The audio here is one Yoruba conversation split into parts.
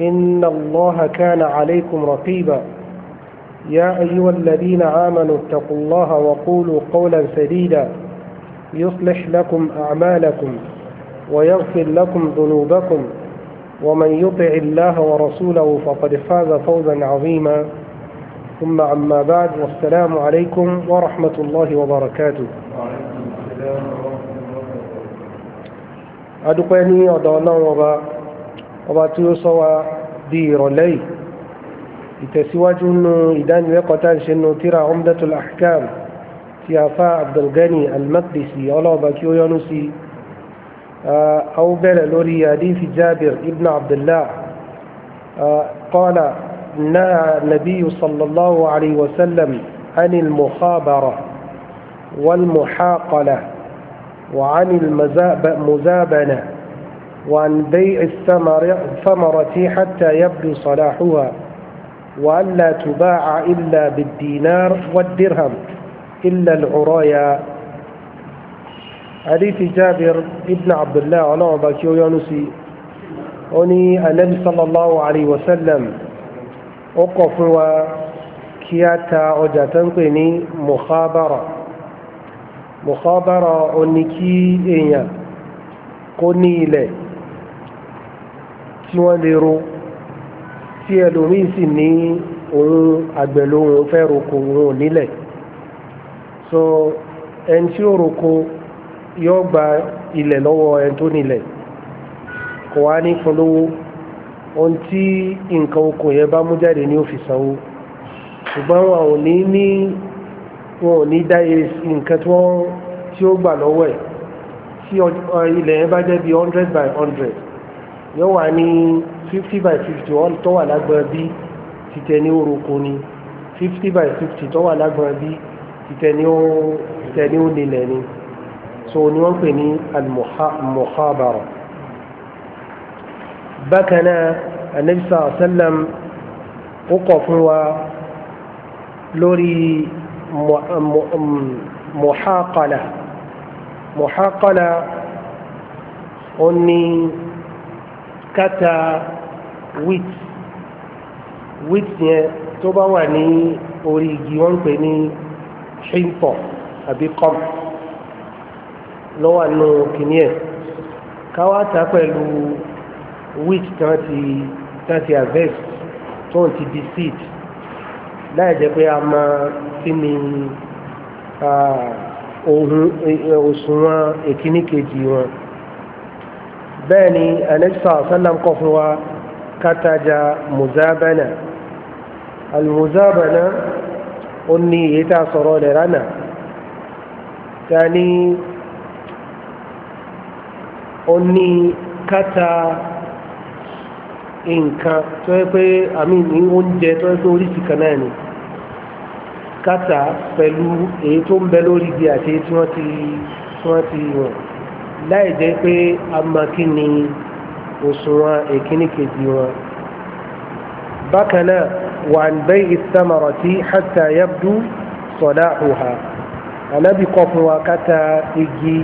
إن الله كان عليكم رقيبا يا أيها الذين آمنوا اتقوا الله وقولوا قولا سديدا يصلح لكم أعمالكم ويغفر لكم ذنوبكم ومن يطع الله ورسوله فقد فاز فوزا عظيما ثم عما بعد والسلام عليكم ورحمة الله وبركاته أدقني أدعو الله ọba tí ó sọ wa bí ìrọ̀lẹ́ yìí ìtẹ̀síwájú nínú ìdánilẹ́kọ̀ọ́ tá ṣe nù tíra umdatul ahkam ti afa abdulgani almaqdisi ọlọ́ọ̀bá kí ó yọ́nú sí a lórí adífi jabir ibn abdullah qala naha nabiyu sallallahu alayhi wa sallam anil mukhabara wal muhaqala wa anil muzabana وعن بيع الثمر حتى يبدو صلاحها وأن لا تباع إلا بالدينار والدرهم إلا العرايا حديث جابر ابن عبد الله عنه باكيو يونسي أني النبي صلى الله عليه وسلم أقف وكياتا عجتنقني مخابرة مخابرة أني كي إيا قني إليه tí wọ́n lè ro tí ẹlòmíì sì ní òun àgbẹ̀ lóhun fẹ́ roko òun nílẹ̀ so ẹni tí ó roko yóò gba ilẹ̀ lọ́wọ́ ẹni tó nílẹ̀ kò wá ní fún lówó ohun tí nǹkan oko yẹn bá mú jáde ní ó sanwó ṣùgbọ́n wọn ò ní wọn ò ní dá nǹkan tí wọ́n tí ó gbà lọ́wọ́ ẹ̀ tí ilẹ̀ yẹn bá jẹ́ bí hundred by hundred yóò wà ní fifty by fifty wọ́n tó wà lágbọ̀n bí títẹ ní orúkọ ni fifty by fifty tó wà lágbọ̀n bí títẹ ní ó títẹ ní ó nílẹ̀ ni so ni wọ́n pè ní al bákan náà anabi sallam ó kọ̀ fún wa lórí muhaqala muhaqala ó ní. Kata wheat wheat yẹn tó bá wà ní orí igi wọ́n ń pè ní ṣíńpọ̀ àbí kọ́m lọ́wọ́ nù kìíní ẹ̀ káwá ta pẹ̀lú wheat tán ti tán ti harvest tó ń ti di seed láì jẹ́ pé a máa kí ni ah, eh, òṣùwọ̀n èkíní kejì wọn bẹ́ẹ̀ ni anẹ́sà sallam kọ́ fún wa kátàjà muzabana almuzabana ó ní èyí tá a sọ̀rọ̀ rẹ̀ ránà ta ni ó ní kátà nǹkan tó yẹ pé àmì ní oúnjẹ tó yẹ pé oríṣi kan náà ni kátà pẹ̀lú èyí tó ń bẹ lórí ibi àti èyí tí wọ́n ti wọ́n ti wọ̀n láì jẹ́ pé a mọ̀ kí ni òṣùwọ̀n èkíní kejì wọn. bákan náà wà ń bẹ́ ìsámọ̀rọ̀tì hatta yabdu salahuha ànábì kọ́ fún wa káta igi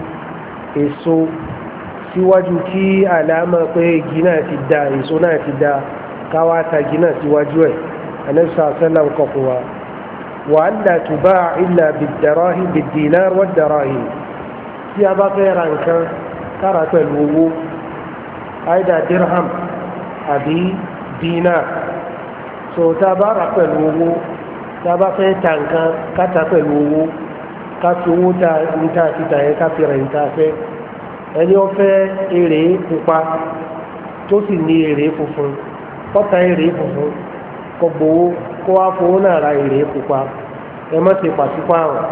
èso síwájú kí àlàámà pé igi náà ti da èso náà ti da káwá tagi náà síwájú ẹ̀ ànábì sàlám kọ́ fún wa. وأن لا تباع إلا بالدراهم بالدينار والدراهم tí a bá fẹ́ ra nǹkan kára pẹ̀lú owó aida dirham àbí dina so tá a bá ra pẹ̀lú owó tá a bá fẹ́ ta nǹkan káta pẹ̀lú owó ká fi owó ta níta àti tàyẹ ká fi ra níta fẹ́ ẹni ó fẹ́ èrè pupa tó sì ní èrè funfun kọ́ta èrè funfun kọ́ gbowó kó wá fowó náà ra èrè pupa ẹ má ṣe pàṣípààrọ̀.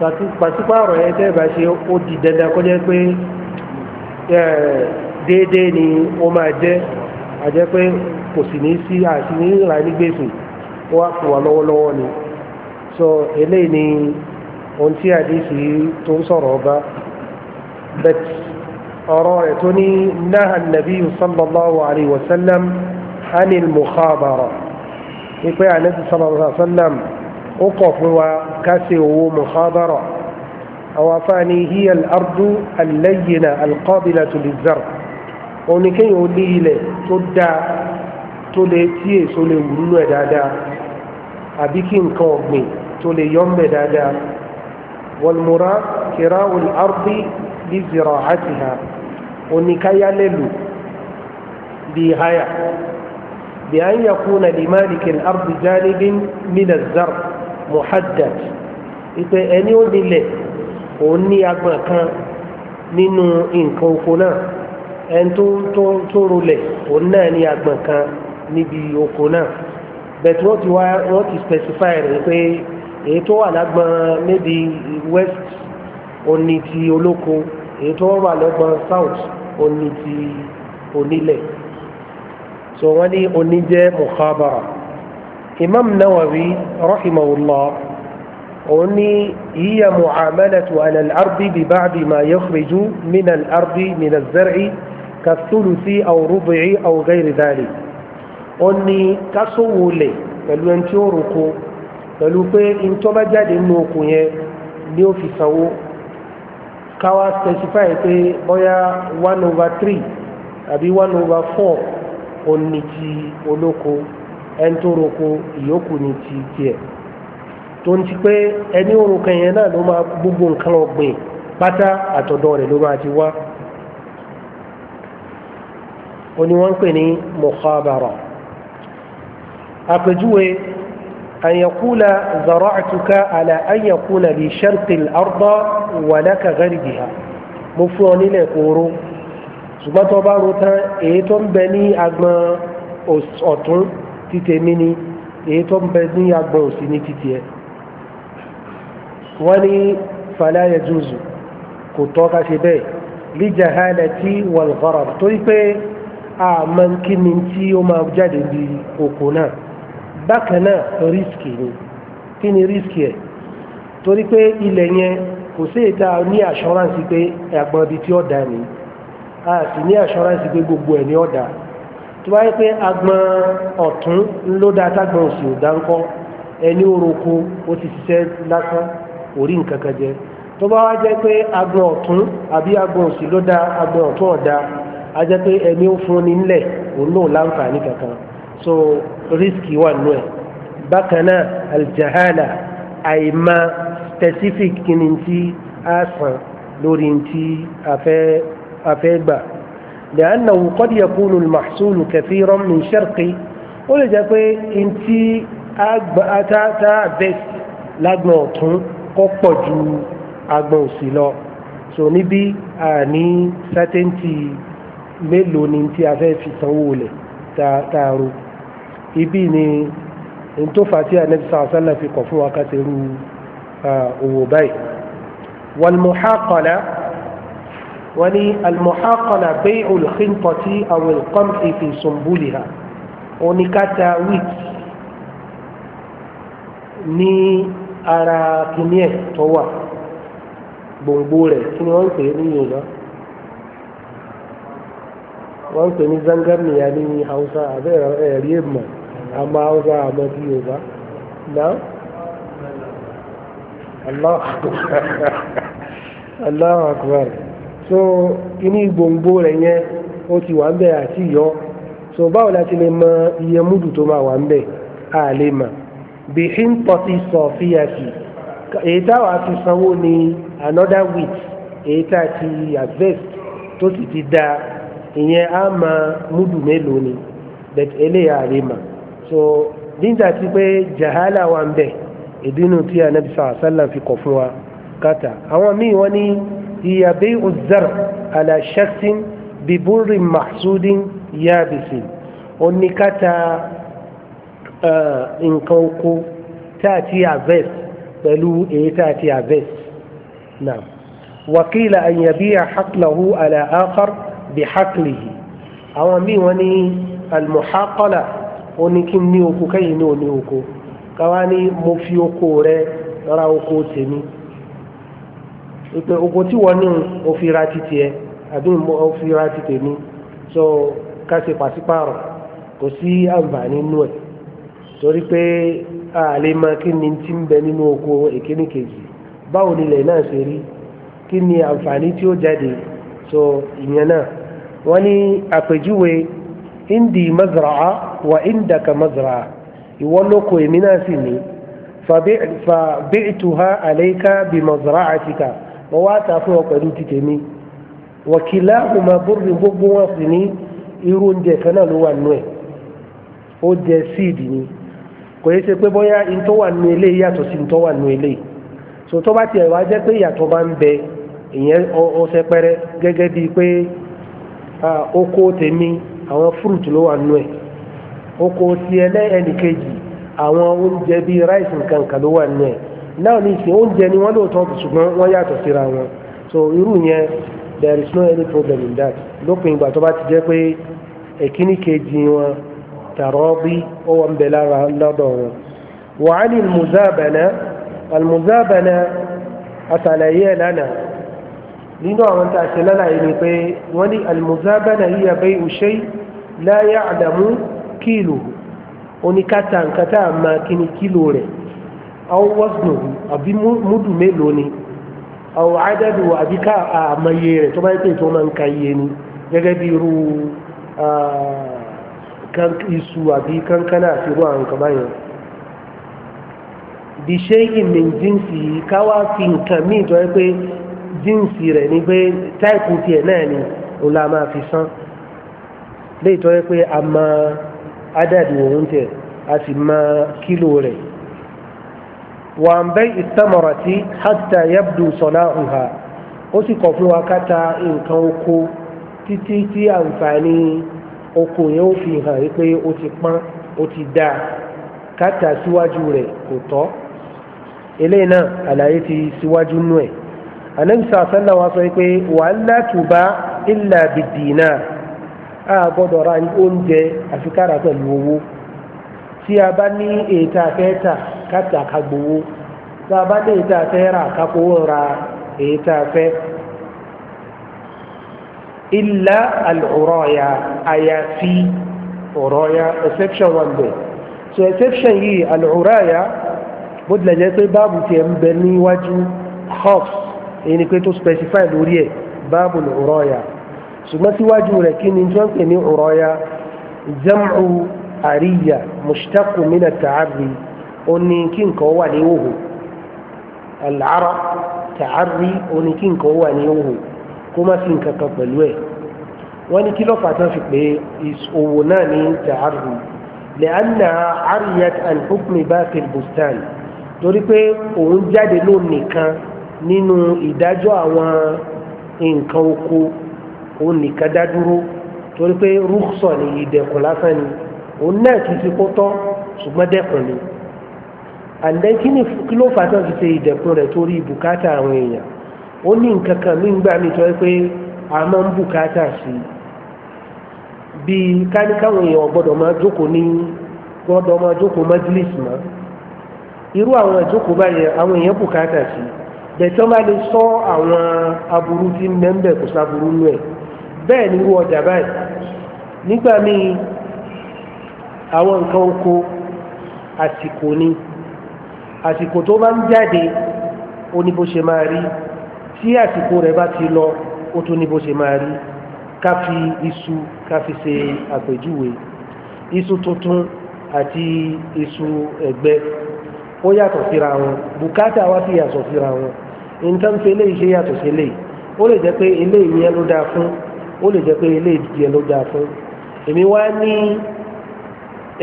pàṣípààrọ̀ yẹn tẹ́ bá ṣe ó di dandan kó jẹ́ pé déédéé ni ó máa jẹ́ àjẹ́ pé kò sì ní sí àti ní ìlà ní ó wà fún wa lọ́wọ́lọ́wọ́ ni so eléyìí ni ohun tí àdéhìí tó ń sọ̀rọ̀ ọba bẹ́t ọ̀rọ̀ rẹ̀ tó ní náà nàbí sallallahu alayhi wa sallam anil mukhabara ní pé sallallahu alayhi wa sallam ó kọ̀ fún wa ká ṣe owó muhabara àwọn afáàní hiya al-ardu al-layyina al-qabilatu lizzar oníkéyìn ó ní ilẹ̀ tó dáa tó lè tí èso lè wúlú ẹ̀ dáadáa àbí kí nǹkan ọ̀gbìn tó lè yọ́ mbẹ̀ dáadáa والمراد كراء الأرض لزراعتها ونكايا للو بهاية بأن يكون لمالك الأرض جانب من الزرع muhaddad ipe ẹni ó dilẹ̀ òun ní agbọ̀n kan nínú nǹkan oko náà ẹni tó tó tó rolẹ̀ òun náà ní agbọ̀n kan níbi oko náà bẹ̀tù wọ́n ti wá wọ́n ti specify rẹ̀ pé èyí tó wà lágbọ̀n maybe west òní ti olóko èyí tó wà lọ́gbọ̀n south òní ti onílẹ̀ so wọ́n ní oníjẹ́ mukhabara imam nawawi rahimahullah òun ní hiya mu'amalatu ala al-ardi bi ba'di ma yakhriju min al-ardi min az-zar'i kathulusi aw rubu'i aw ghayri dhalik òun ní kásòwò lẹ̀ pẹ̀lú ẹni tí ó roko pẹ̀lú pé ntọ́ba jáde nínú oko yẹn ni ó fi sanwó káwa specify pé bóyá one over three àbí one over four òun ní ti olóko ẹni tó roko ìyókù ni ti tiẹ̀ tó ń ti pé ẹni orúkọ yẹn náà ló máa gbogbo nǹkan ọ̀gbìn pátá àtọ̀dọ̀ rẹ̀ ló máa ti wá ó ní wọ́n ń pè ní mukhabara àpèjúwe an yakula zara'tuka ala an yakuna bi sharqil arda wa laka mo fún ọ nílẹ̀ kóró ṣùgbọ́n tó bá ro tán èyí tó ń bẹ ní agbọn ọ̀tún títẹ̀ mí ni èyí tó ń bẹ ní agbọ̀n òsì ní títì ẹ̀ wọ́n ní fala yajuzu kò tọ́ ká ṣe bẹ́ẹ̀ li jahalati wal gharar torí pé àmọ́ kí ni tí ó máa jáde bí òkú náà bákan náà rísìkì ni kí ni rísìkì ẹ̀ torí pé ilẹ̀ yẹn kò sí ìta ní assurance pé ẹ̀gbọ́n ibi tí ó dà ní a sì ní assurance pé gbogbo ẹ̀ ní ó dà tó bá yẹ pé agbọn ọ̀tún ló dáa tágbọn òsì ò dáńkọ́ ẹni oroko ó ti ṣiṣẹ́ lásán orí nǹkan kan jẹ tó bá wá jẹ́ pé agbọn ọ̀tún àbí agbọn òsì ló dáa agbọn ọ̀tún ọ̀dá a jẹ́ pé ẹni ó fún ni ńlẹ̀ òun náà láǹfààní kankan so risk wà nù ẹ̀ bákan náà aljahala àìmọ̀ specific kí ni ti a san lórí ti a fẹ́ gbà. لأنه قد يكون المحصول كثيرا من شرقي ó lè jẹ́ pé n tí tá best lágbọn ọ̀tún kọ́ pọ̀ ju agbọn òsì lọ so níbí a ní certainty mélòó ni tí a fẹ́ fi sanwó lẹ̀ tààrò ibi ni n tó fà sí anabisa asálà fi kọ̀ fún wa ká ṣerú owó báyìí wal muhaqala wọ́n ní almuhakala bẹ́ẹ̀ olùkíntọ́tì àwọn ìkọ́m ìfì sùnbùlì ha oníkàtà wheat ní ara kìíní ẹ̀ tó wà gbòǹgbò rẹ̀ kí ni wọ́n ń pè é ní yorùbá wọ́n pè ní zangarniya ní hausa àbẹ́rẹ́ ẹ̀rí èèmọ̀ àmọ́ hausa àmọ́ bí yorùbá náà. الله الله أكبر so kíní gbòǹgbò rẹ̀ yẹn ó ti wà ń bẹ̀ àti yọ so báwo la ti lè mọ iye múdù tó máa wà ń bẹ̀ a lè mọ̀ bí hímpọ̀tì sọ fíyàtì èyí táwa fi sanwó ni another week èyí tá a ti harvest tó sì ti da ìyẹn á mọ múdù mélòó ni but eléyà lè mọ̀ so nígbà tí pé jahala wà ń bẹ̀ ìdínú tí anabi sàlám fi kọ̀ fún wa kàtà àwọn míì wọ́n ní. هي بيع الزرع على شخص ببر محسود يابس ونكتا آه إنكوكو تأتي عفيس بلو إيه تأتي عفيس نعم وقيل أن يبيع حقله على آخر بحقله أو مي وني المحاقلة ونكني أوكو كي نوني أوكو كواني مفيوكو ري راوكو تمي ìpè oko tí wọ́n ní òfin ra títì ẹ àbí òfin títì mi so ká ṣe pàṣípààrọ̀ kò sí àǹfààní nínú ẹ̀ torí pé a lè mọ kí ni ti ń bẹ nínú oko ìkíní kejì báwo nílẹ̀ náà ṣe rí kí ni àǹfààní tí ó jáde so ìyẹn náà wọ́n ní àpèjúwe indi mazraa wa indaka mazraa ìwọ lóko èmi náà sì ní fa bi'tuha alayka bi mazra'atika. mo wá ta fún ọ pẹ̀lú ti tèmi wọ̀kìlá ọmọ búrú gbogbo wọn sì ní irú oúnjẹ kan náà ló wà nù ó jẹ síìdì ni kò yẹ ṣe pé bóyá ntọ́ wà nù eléyìí yàtọ̀ sí ntọ́ wà nù so tó bá tiẹ̀ wá jẹ́ pé ìyàtọ̀ bá ń bẹ ìyẹn ọsẹ pẹrẹ gẹ́gẹ́ bíi pé oko tèmi àwọn náà ní ìsìn oúnjẹ ni wọ́n lóòótọ́ ṣùgbọ́n wọ́n yàtọ̀ síra wọn so irú yẹn there is no any problem in that lópin ìgbà tó bá ti jẹ́ pé èkíní kejì wọn tààrọ́ bí ó wọn bẹ lára lọ́dọ̀ wọn. wàhálì muzabana almuzabana àtàlàyé ẹ̀ lánàá nínú àwọn tá a ṣe lálàyé ni pé wọ́n ní almuzabana yíya bẹ́ẹ̀ òṣè láyé àdàmú kílò oníkàtà máa kíni kílò rẹ̀ àwọn wọ́sùnù àbí múdù mélòó ni àwọn àdàdù àbí ká àmọye rẹ̀ tó bá yẹ pé tó máa ń ka iye ni gẹ́gẹ́ bí irú iṣu àbí kankana àti irú àwọn nǹkan báyẹn bí ṣéyìn min jíǹsì ká wá fi nǹkan míì jọ pé jíǹsì rẹ̀ ni pé táìpù tiẹ̀ náà ni òun la máa fi san léyìí tó yẹ pé a máa ádàdù òun a sì máa kílò rẹ̀. وعن بيع الثمرة حتى يبدو صلاحها أسكو فيها كتا إن كوكو títí tí àǹfààní oko yẹn ó fi hàn yí pé ó ti pọ́n ó ti dá káàtà síwájú rẹ̀ kò tọ́ eléyìí náà àlàyé ti síwájú nú ẹ̀ anamisa asala wa sọ pé wàá látùbá ìlà bìdìínà a gbọ́dọ̀ ra oúnjẹ àfikára pẹ̀lú owó tí a bá ní ètò àfẹ́tà kátà ká gbowó tá a bá ní ìta fẹ́ rà ká fowó ra èyí tá a fẹ́. illa al-uraya àyàfi uraya exception one day so exception yìí al-uraya bó tilẹ̀ jẹ́ pé báàbù tiẹ̀ ń bẹ níwájú hops èyí ni pé tó specify lórí ẹ̀ báàbù al ṣùgbọ́n síwájú rẹ̀ kí ni tí wọ́n ń pè ní uraya jam'u àríyà mushtaq min at oni kí nǹkan wà ní òhò àlàárọ̀ tààrí oni kí nǹkan wà ní òhò kó má sí nǹkan kan pẹ̀lú ẹ̀ wọ́n ní kí ló fà tán fi pé òwò náà ní tààrí lẹ́ànà àríyàt and hukmi báfil bustan torí pé òun jáde ló nìkan nínú ìdájọ́ àwọn nǹkan oko òun nìkan dá torí pé rúkṣọ̀ ní ìdẹ̀kùn lásán ni òun náà kì í ti kó ṣùgbọ́n dẹ́kùn ni and then kí ni kí ló fà tán fi ṣe ìdẹ̀kùn rẹ̀ torí bùkátà àwọn èèyàn ó ní nǹkan kan ní gbà mí tọ́ pé a máa ń bùkátà sí i bíi káníkàwọn èèyàn gbọ́dọ̀ máa jókòó ní gbọ́dọ̀ máa jókòó majlis mọ́ irú àwọn ìjókòó báyẹn àwọn èèyàn bùkátà sí i bẹ̀tẹ́ wọn bá lè sọ àwọn aburú tí mẹ́ńbẹ̀ kò sáburú nù ẹ̀ bẹ́ẹ̀ ni irú ọjà báyìí nígbà míì àwọn nǹkan oko àsìkò ni. Bani, àsìkò tó bá ń jáde ó ní bó ṣe máa rí tí àsìkò rẹ̀ bá ti lọ ó tún ní bó ṣe máa rí ká fi iṣu ká fi ṣe àpèjúwe iṣu tuntun àti iṣu ẹ̀gbẹ́ ó yàtọ̀ síra wọn bùkátà wá sí yàtọ̀ síra wọn nǹkan fi eléyìí ṣe yàtọ̀ sí eléyìí ó lè jẹ́ pé eléyìí yẹn ló dáa fún ó lè jẹ́ pé eléyìí yẹn ló dáa fún èmi wá ní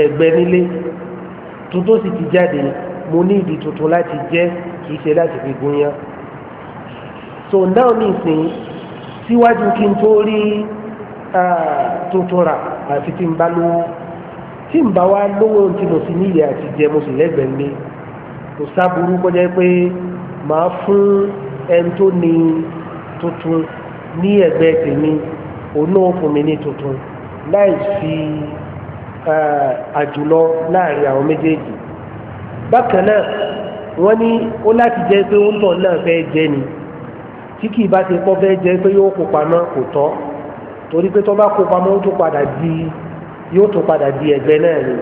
ẹ̀gbẹ́ nílé tuntun sì ti jáde mo ní ìdí tuntun láti jẹ kì ṣe láti fi gún yán so now nísìn síwájú kí n tó rí tuntun rà àti tí n bá lówó tí n bá wá lówó tí mo sì níyì àti jẹ mo sì lẹ́gbẹ̀ẹ́ mi kò sábúrú kọjá pé màá fún ẹni tó ní tuntun ní ẹ̀gbẹ́ tèmi òun náà fún mi ní tuntun láì fi àjùlọ láàrin àwọn méjèèjì bákan náà wọ́n ní ó láti jẹ́ pé ó ń tọ̀ náà fẹ́ jẹ́ ni tí kì í bá ti kọ́ fẹ́ jẹ́ pé yóò kó pamọ́ kò tọ́ torí pé tó bá kó pamọ́ ó tún padà di yóò tún padà di ẹ̀gbẹ́ náà ni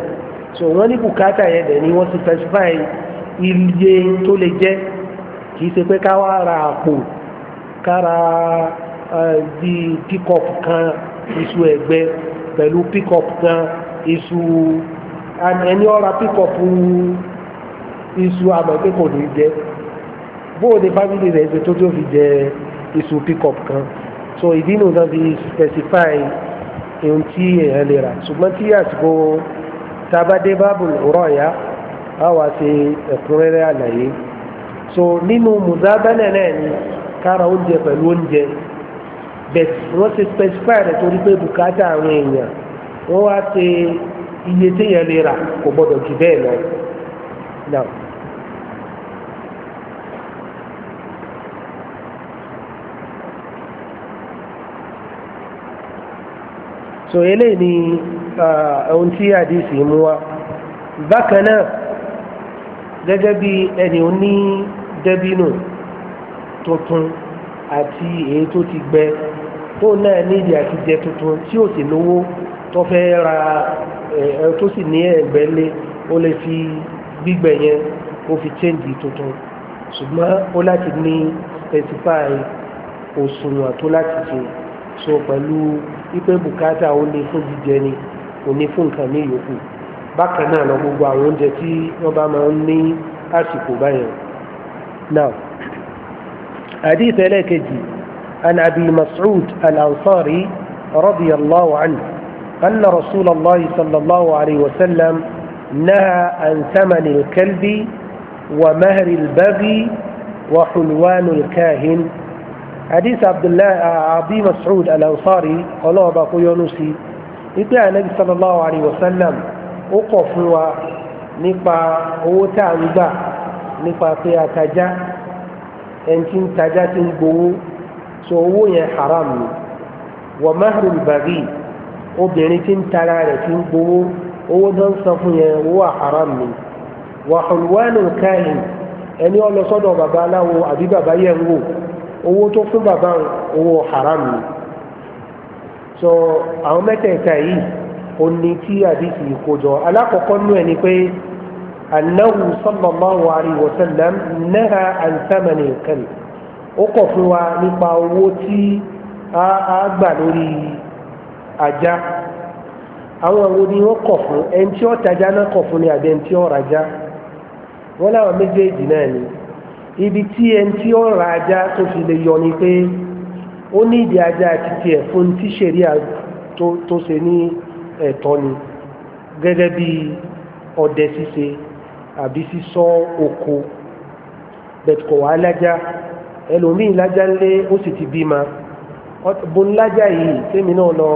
so wọ́n ní bùkátà yẹn dẹ̀ ni wọ́n ti specify iye tó lè jẹ́ kì í ṣe pé ká wá ra àpò ká ra di eh, pickup kan iṣu ẹ̀gbẹ́ pẹ̀lú pickup kan iṣu ẹni ọ̀ra pickup iṣu àmọ́ pé kò ní jẹ bóòdì fámìlì rẹ̀ ṣe tó tó fi jẹ iṣu pickup kan so ìdí nù náà fi specify ohun tí èèyàn lè rà ṣùgbọ́n tí àsìkò tabadé báàbù rọ̀ ya a wá ṣe ẹ̀kúnrẹ́rẹ́ àlàyé so nínú mùsàbẹ́lẹ̀ náà ni kára oúnjẹ pẹ̀lú oúnjẹ bẹ̀t wọ́n ṣe specify rẹ̀ torí pé bùkátà àwọn èèyàn wọ́n wá ṣe iye téèyàn lè rà kò gbọ́dọ̀ jù bẹ́ẹ̀ lọ náà. so eléyìí ni uh, ohun tí àdìsí mú wa bákan náà gẹ́gẹ́ bí ẹni oní dẹ́bínú tuntun àti èyí tó ti gbẹ tó náà nídìí àti jẹ tuntun tí ó sì lówó tó fẹ́ ra eh, tó sì ní ẹ̀gbẹ́ lé ó lè fi gbígbẹ yẹn ó fi chẹ́ǹdì tuntun ṣùgbọ́n ó láti ní specify òṣùwọ̀n tó láti ṣe so pẹ̀lú ipe bùkátà ó ní fún jíjẹ ni kò ní fún nǹkan ní ìyókù bákan náà lọ gbogbo àwọn oúnjẹ tí wọ́n bá máa ń ní àsìkò báyẹn now hadith ẹlẹ́ẹ̀kejì an abi mas'ud al-ansari رضي الله عنه أن رسول الله صلى الله عليه وسلم نهى عن ثمن الكلب ومهر البغي وحلوان الكاهن حديث عبد الله عبد مسعود الأنصاري الله باكو يونسي يقول النبي صلى الله عليه وسلم أقف و نقا هو تعبا نقا قيا تجا أنتم تجا تنبو سوو يا حرام ومهر البغي obìnrin tí owó tó ń san fún yẹn owó haram ni wàhùnwánù káyìn ẹni ọlọsọdọ bàbá aláwo àbí bàbá yẹn wò owó tó fún bàbá owó haram ni so àwọn mẹ́tẹ̀ẹ̀ta yìí ó ní tí àdìsí ìkójọ alákọ̀ọ́kọ́ nú ẹ̀ ni pé annahu sallallahu alayhi wa sallam naha an thamani kan ó kọ̀ fún wa nípa owó tí a gbà lórí ajá àwọn àwọn ni wọ́n kọ̀ fún ẹni tí ó tajà náà kọ̀ fún ni àbí ẹni tí ó rajà wọ́n láwọn méjèèjì náà ni ibi tí ẹni tí ó ra ajá tó fi lè yọ ni pé ó ní ìdí ajá àti tiẹ̀ fún tí ṣẹ̀ríà tó ṣe ní ẹ̀tọ́ ni gẹ́gẹ́ bí ọdẹ ṣíṣe àbí sísọ oko bẹ̀tùkọ̀ wà á lájá ẹlòmíì lájá ńlé ó sì ti bímọ bọ́ńlájà yìí tèmi náà lọ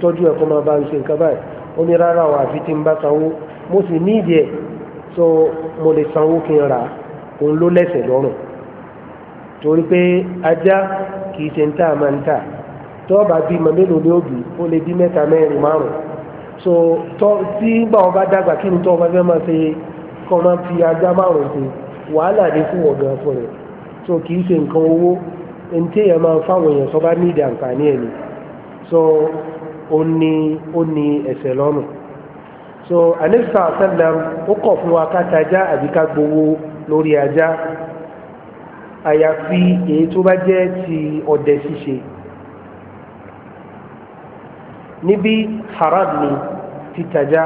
tọ́jú ẹ̀kọ́ máa bá ń ṣe nǹkan báyìí ó ní rárá o àfi tí n bá sanwó mo sì ní ìdí ẹ̀ so mo lè sanwó kí n rà á òun ló lẹ́sẹ̀ lọ́rùn torí pé ajá kì í ṣe ń tà máa ń tà tọ́ọ̀bà bímọ mélòó ni ó bì ó lè bí mẹ́ta mẹ́rin márùn so tọ́ tí báwọn bá dàgbà kí ni tọ́ọ̀ bá fẹ́ máa ṣe kọ́ máa fi ajá márùn ṣe wàhálà ní fún ọ̀gá fún rẹ̀ so kì í ṣe nǹkan owó ẹni tí èèyàn máa fáwọn èèyàn tó bá ní àǹfààní ẹ̀ ni so ó ní ó ní ẹsẹ̀ lọ́rùn so anisa asalam ó kọ̀ fún wa ká tajá àbí ká gbowó lórí ajá àyàfi èyí tó bá jẹ́ ti ọdẹ ṣíṣe níbi haram ni títajá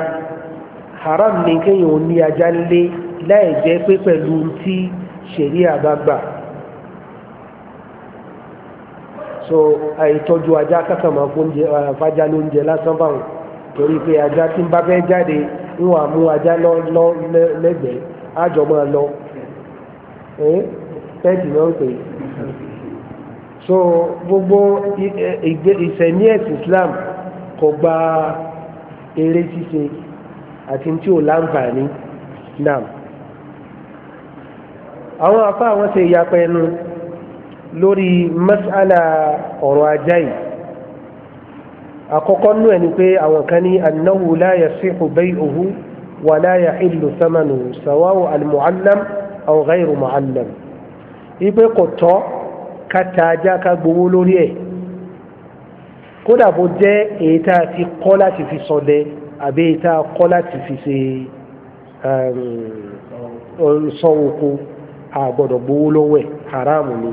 haram ni kéèyàn ò ní ajá lé láì jẹ́ pé pẹ̀lú tí ṣẹ̀ríà bá gbà. so àìtọ́jú ajá kásàmà fájá ní oúnjẹ lásán báwọn torí pé ajá tí ń bá fẹ́ jáde ń wà mú ajá lẹ́gbẹ̀ẹ́ àjọ máa lọ pẹ́ẹ̀tì náà ń pè é so gbogbo ìsẹ̀ní ẹ̀sìn Islam kò gba eré ṣíṣe àti tí ò láǹfààní náà àwọn afá àwọn ṣe ìyapẹ́ ẹnu lórí mas'ala ọ̀rọ̀ ajá yìí àkọ́kọ́ nú ẹ̀ ni pé àwọn kan ní annahu la yasihu bay'uhu wa la yahillu thamanuhu sawawu al-mu'allam aw ghayru mu'allam ipe kò tọ́ ká ta ajá ká gbowó lórí ẹ̀ kódà bó jẹ́ èyí tá a ti kọ́ láti fi ṣọdẹ àbí èyí tá a kọ́ láti fi ṣe sọ oko a gbowó lọ́wọ́ ẹ̀ haramu ni.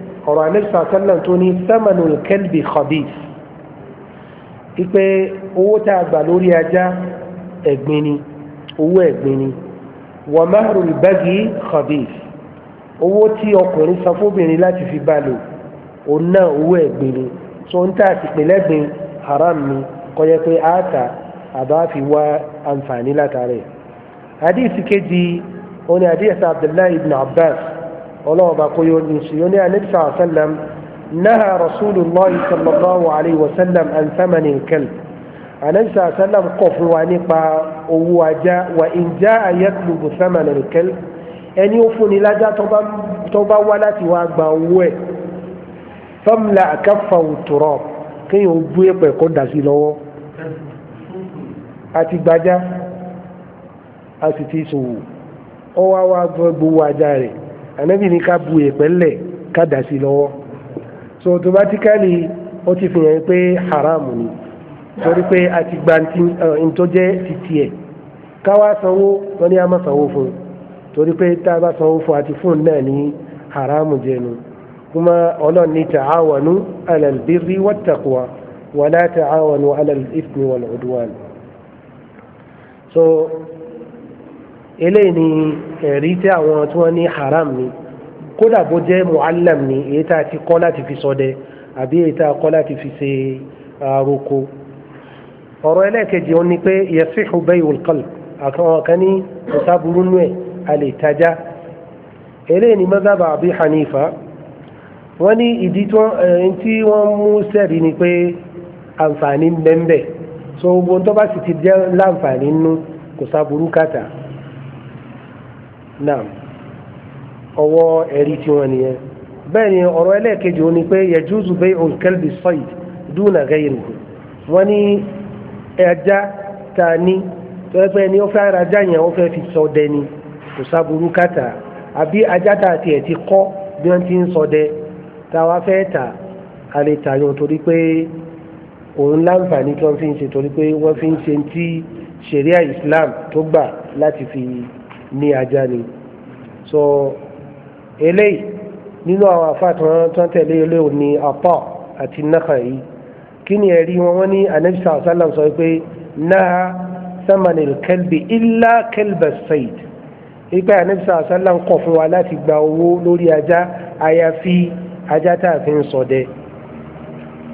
ọ̀rọ̀ anẹ́sà sẹ́lẹ̀ tó ní thamanul kalbi khabith ipe owó tá a gbà lórí ajá ẹ̀gbin ni owó ẹ̀gbin ni wa mahrul baghi khabith owó tí ọkùnrin san fóbìnrin láti fi bá lò òun náà owó ẹ̀gbin ni tó ń tà sí pé lẹ́gbin haram ni kọjá pé àátà àbá fi wá àǹfààní látàrí hadith kejì oní hadith abdullahi ibn abbas ọlọ́run bá kó yóò ní ṣe yóò ní anisa asalam náà rasulillah sallallahu alayhi wa sallam an samanin kẹl anisa asalam kọ̀ fún wa nípa owó ajá wa ìjà ayatollah samanin kẹl ẹni ó fún ni lájá tó bá wá láti wá gba owó ẹ̀ fọmùlà àkàfà òtúrọ̀ kéèyàn bú ẹ̀pẹ̀ kó dà sí lọ́wọ́ àti gbajá a sì ti ṣòwò ọwọ́ wa gbogbo ajá rẹ̀ ànábì ní ká bu èèpẹ̀ ńlẹ̀ ká dà sí lọ́wọ́ so automatically ó ti fi hàn pé haram ni torí pé a ti gba ntọ́jẹ́ ti tiẹ̀ káwá sanwó wọn ni a má sanwó fún un torí pé tá a bá sanwó fún àti fún un náà ní haramu jẹnu kuma ọlọ́run ní ta'awanu ala albirri wattaqwa wala ta'awanu ala alithmi wal so eléyìí ni ẹ̀rí tí àwọn tí wọ́n ní haram ni kódà bó jẹ́ mu'allam ni èyí tá a ti kọ́ láti fi ṣọdẹ àbí èyí tá a kọ́ láti fi ṣe àròkọ ọ̀rọ̀ ẹlẹ́ẹ̀kejì ó ní pé yasihu bayul qalb àkàwọn kan ní ìsàbùrú nù ẹ̀ a lè tajà eléyìí ni mazhab àbí hanifa wọ́n ní ìdí tí wọ́n mú sẹ́ẹ̀rí ni pé àǹfààní bẹ́ńbẹ́ so gbogbo tó bá sì ti jẹ́ láǹfààní nú kò sábúrú kàtà naam ọwọ́ ẹ̀rí tí wọ́n nìyẹn bẹ́ẹ̀ ni ọ̀rọ̀ ẹlẹ́ẹ̀kejì òun ni pé yajuzu bay'ul kalbi sayd duna ghayrihi wọ́n ní ẹja ta ní tó yẹ pé ẹni ó fẹ́ ara ajá yẹn ó fẹ́ fi sọ dẹni kò sábúrú kàtà àbí ajá ta tiẹ̀ ti kọ́ bí wọ́n ti ń sọ dẹ táwa fẹ́ tà á lè tà yọ torí pé òun láǹfààní tí wọ́n fi ń ṣe torí pé wọ́n fi ń ṣe ti ṣẹ̀ríà Islam tó gbà láti fi ní ajá ni so eléyìí nínú àwọn afáàtàn tó ń tẹ̀lé eléyìí ní apá àti náà yìí kí ni ẹ̀rí wọn wọ́n ní anabisa salam sọ pé náà samanil kelbi illa kelba said ipa anabisa salam kọ̀ fún wa láti gba owó lórí ajá àyàfi ajá tá a fi ń ṣọdẹ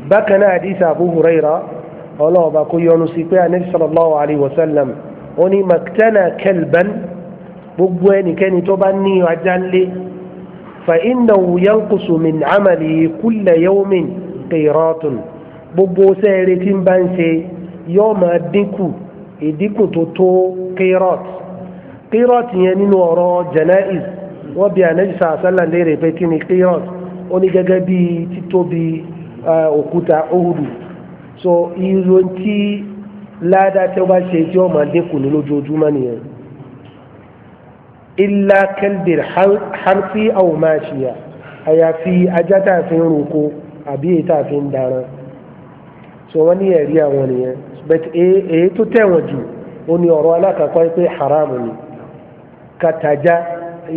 bákan náà àdìsí Abu Huraira ọlọ́ọ̀bà kó yọ́nú sí pé anabi sallallahu alayhi wa ó ní maktana kelban gbogbo ẹnikẹ́ni tó bá ní ajá ńlé fa innahu yanqusu min amali kulla yawmin qiratun gbogbo sẹ́ẹ̀rẹ́ tí ń bá ń ṣe yóò máa dínkù ìdínkù tó tó qirat qirat yẹn nínú ọ̀rọ̀ janaiz wọ́n bí anabi sàásálà léèrè pé kí ni qirat ó ní gẹ́gẹ́ bí títóbi eh, òkúta òhùdù so irun tí ládàá tí wọ́n bá ṣe tí wọ́n máa dínkù ní lójoojúmọ́ nìyẹn illa kalbir harfi aw mashiya àyàfi ajá tá a fi ń roko àbí èyí tá a fi ń daran so wọ́n ní ẹ̀rí àwọn nìyẹn but e-, èyí tó tẹ̀wọ̀n jù ó ní ọ̀rọ̀ alákàkọ́ pé haram ni kàtàjá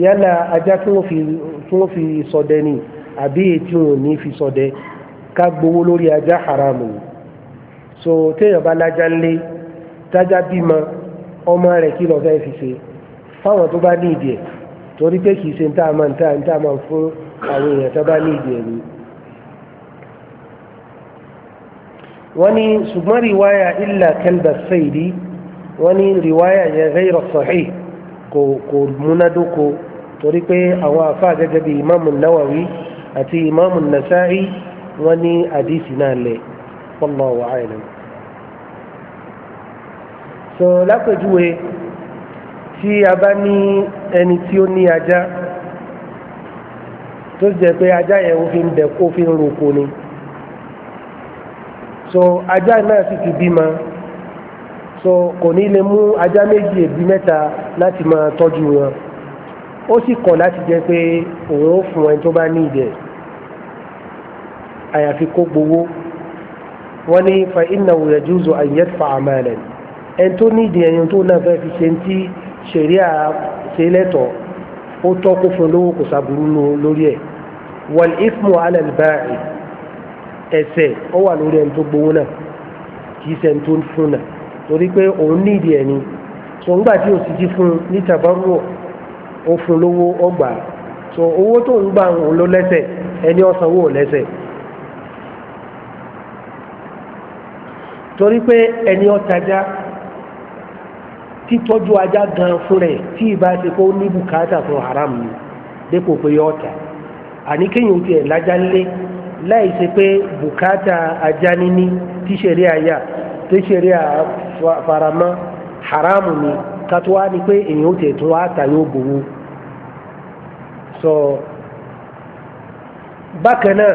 yálà ajá tí wọ́n fi ṣọdẹ ni àbí èyí tí wọ́n ní fi ṣọdẹ ká gbowó lórí ajá haram ni so téèyàn bá lájá ńlé tájá bímọ ọmọ rẹ̀ kí ló fẹ́ fi ṣe fáwọn tó bá ní ìdí ẹ̀ torí pé kìí ṣe níta máa níta níta máa fún àwọn èèyàn tó bá ní ìdí ẹ̀ ni. wọ́n ní ṣùgbọ́n rìwáyà illa kalba saydi wọ́n ní rìwáyà yẹn ghayra sahih kò kò múnádóko torí pé àwọn àfáà gẹ́gẹ́ bíi imáàmù Nawawi àti imáàmù Nasa'i wọ́n ní àdìsí náà lẹ̀ wallahu a'lam. so lápèjúwe. tí a bá ní ẹni tí ó ní ajá tó jẹ́ pé ajá yẹn ó fi ń ni so ajá náà sì ti bímọ so kò ní lè mú ajá méjì èbí mẹ́ta láti máa tọ́jú wọn ó sì kọ̀ láti jẹ́ pé òun ó fún ẹni tó bá ní ìdẹ àyàfi kó gbowó wọ́n ní fa innahu yajuzu an yadfa amalan ẹni tó ní ìdí ẹni tó náà fẹ́ fi ṣe ń tí. ṣẹ̀ríà ṣe lẹ́tọ̀ ó tọ́ kó fún lówó kò sàbúrú lórí ẹ̀ wal ismu ala al ó wà lórí ẹni tó gbowó náà kìí ṣe tó ń fún náà torí pé òun ìdí ẹni tó ń gbà tí òsì jí fún ní tàbárò ó fún lówó ọgbà tó títọ́jú ajá gan fún rẹ̀ tí ìbá ṣe kó ní bùkátà fún haram ni dépò pé yọ ọ̀tà àní kéèyàn ó tiẹ̀ lájá lé láì ṣe pé bùkátà ajá níní tíṣẹ̀rí àyà tíṣẹ̀rí àfaramọ́ haram ni kátó ni pé èèyàn ó tiẹ̀ tún wá tà yóò gbowó sọ bákan náà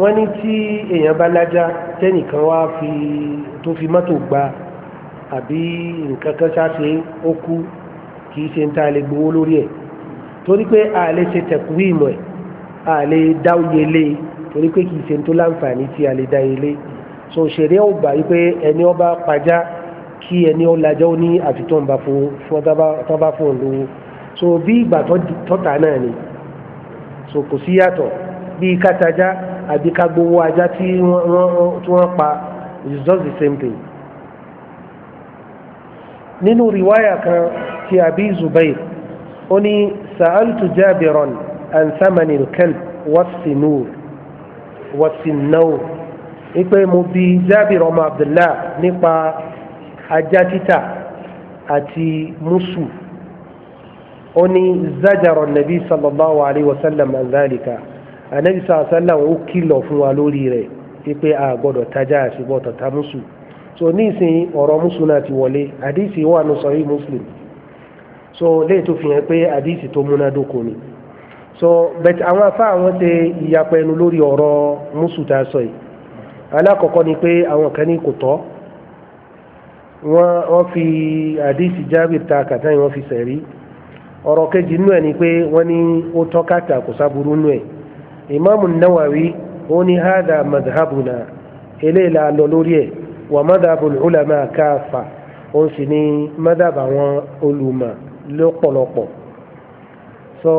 wọ́n ní tí èèyàn bá lájá tẹ́nìkan wá tó fi mọ́tò gba àbí nǹkan kan ṣáṣe ó kú kì í ṣe ń ta lè gbowó lórí ẹ̀ torí pé a lè ṣe tẹ̀kúwì ìmọ̀ ẹ̀ a lè dá oyè lé e, torí pé kì í ṣe tó láǹfààní tí a lè dá oyè lé e. so ṣeré ó gbà wípé ẹni ọba pajá kí ẹni ọlájọ́ ní àfitọ́ ń fún tó fún lówó so bí ìgbà tọ́ta náà ni so kò sí yàtọ̀ bí kátajá àbí ká ajá tí wọ́n pa it's just the same thing nínú riwaya kan ti abi zubair ó ní sa'altu jabiran an thamani al-kalb was-sinur was-sinur ipe mo bi jabir ọmọ abdullah nípa ajá títà àti musu ó ní zajara nabi sallallahu alayhi wa sallam an dhalika anabi sallallahu alayhi wa sallam ó kìlọ̀ fún wa lórí rẹ̀ ipe a gbọ́dọ̀ tajà àṣìbọ̀tọ̀ ta musu. so nísìnyí ọ̀rọ̀ mùsùlùmí àti wọlé àdìsí wà ní sọ̀rí muslim so léè tó fi hàn pé àdìsí tó múnádóko ni so bet àwọn afá àwọn ṣe ìyapa ẹnu lórí ọ̀rọ̀ mùsùlùmí tá sọ yìí alákọ̀ọ́kọ́ ni pé àwọn kan ní kò fi àdìsí jábìr ta kàtá yìí fi sẹ̀rí ọ̀rọ̀ kejì nínú ẹ̀ ni pé wọ́n ní ó tọ́ kàtà kò sábúrú nínú ẹ̀ ó wà mọ́dàbù ulama káfà ó sì ní mọ́dàbù àwọn olùmọ̀ lọ́pọ̀lọpọ̀ sọ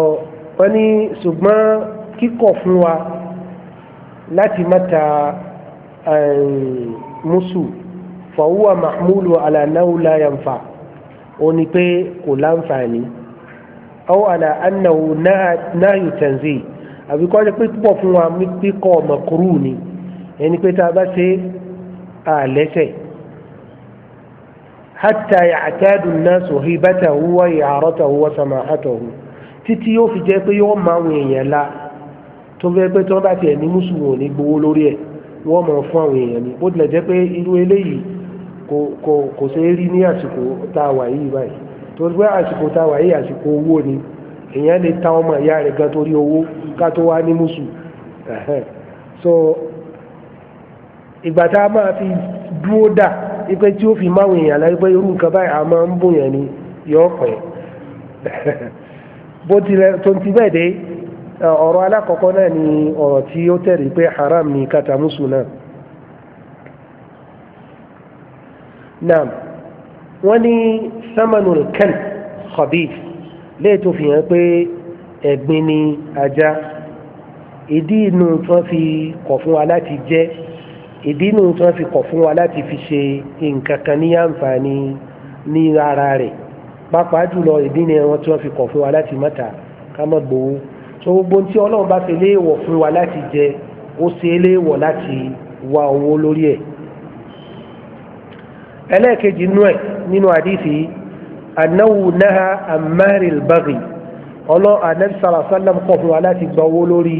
wọ́n ní ṣùgbọ́n kíkọ̀ fún wa láti mọ́ta musu fọwọ́ mahmulu alánáwó láyàǹfà ó ní pé kò láǹfààní ọ́ àlà annáwó náà tanzih àbíkọ́ ni pé púpọ̀ fún wa pípọ̀ mọ̀kúrú ni ẹni pé tá a bá ṣe é àlẹ́sẹ̀ hátà àtàdùn náà sòhí bàtà wúwá ìhàrọ́tà wúwá sàmáhàtà wù títí yóò fi jẹ́ pé yóò máa wọn èèyàn la tó fẹ́ pé tí wọ́n bá tiẹ̀ ní mùsùlùmí ò ní gbowó lórí ẹ̀ wọ́n mọ̀ fún àwọn èèyàn ni bó tilẹ̀ jẹ́ pé irú eléyìí kò kò kò ṣe é rí ní àsìkò tá a wà yìí báyìí torí pé àsìkò tá a wà yìí àsìkò owó ni èèyàn lè ta ọmọ ìyá rẹ̀ gan torí owó ká tó wá ní mùsù so ìgbà tá a máa fi dúró dà ipe tí ó fi máwọn èèyàn láyé pé irú nǹkan báyìí a máa ń bùn yẹn ni yọ pẹ́ bó tilẹ̀ tó ti bẹ́ẹ̀ dé ọ̀rọ̀ alákọ̀ọ́kọ́ náà ni ọ̀rọ̀ tí ó tẹ̀rí pé haram ni katamusu náà. naam wọ́n ní samanul kan khabith léètò fi hàn pé ẹ̀gbin ni ajá ìdí inú tí fi kọ̀ fún wa láti jẹ́ ìdínú tí wọ́n fi kọ̀ fún wa láti fi ṣe nǹkan kan ní àǹfààní ní ara rẹ̀ pàápàá jùlọ ìdínú wọn tí wọ́n fi kọ̀ fún wa láti mọ́ta ká má gbowó tó gbogbo tí ọlọ́run bá ṣe léèwọ̀ fún wa láti jẹ ó ṣe é léèwọ̀ láti wá owó lórí ẹ̀ ẹlẹ́ẹ̀kejì nú ẹ̀ nínú àdìsí anáwó náà amáril baghi ọlọ́ anabi sàlàsálàm kọ̀ fún wa láti gba owó lórí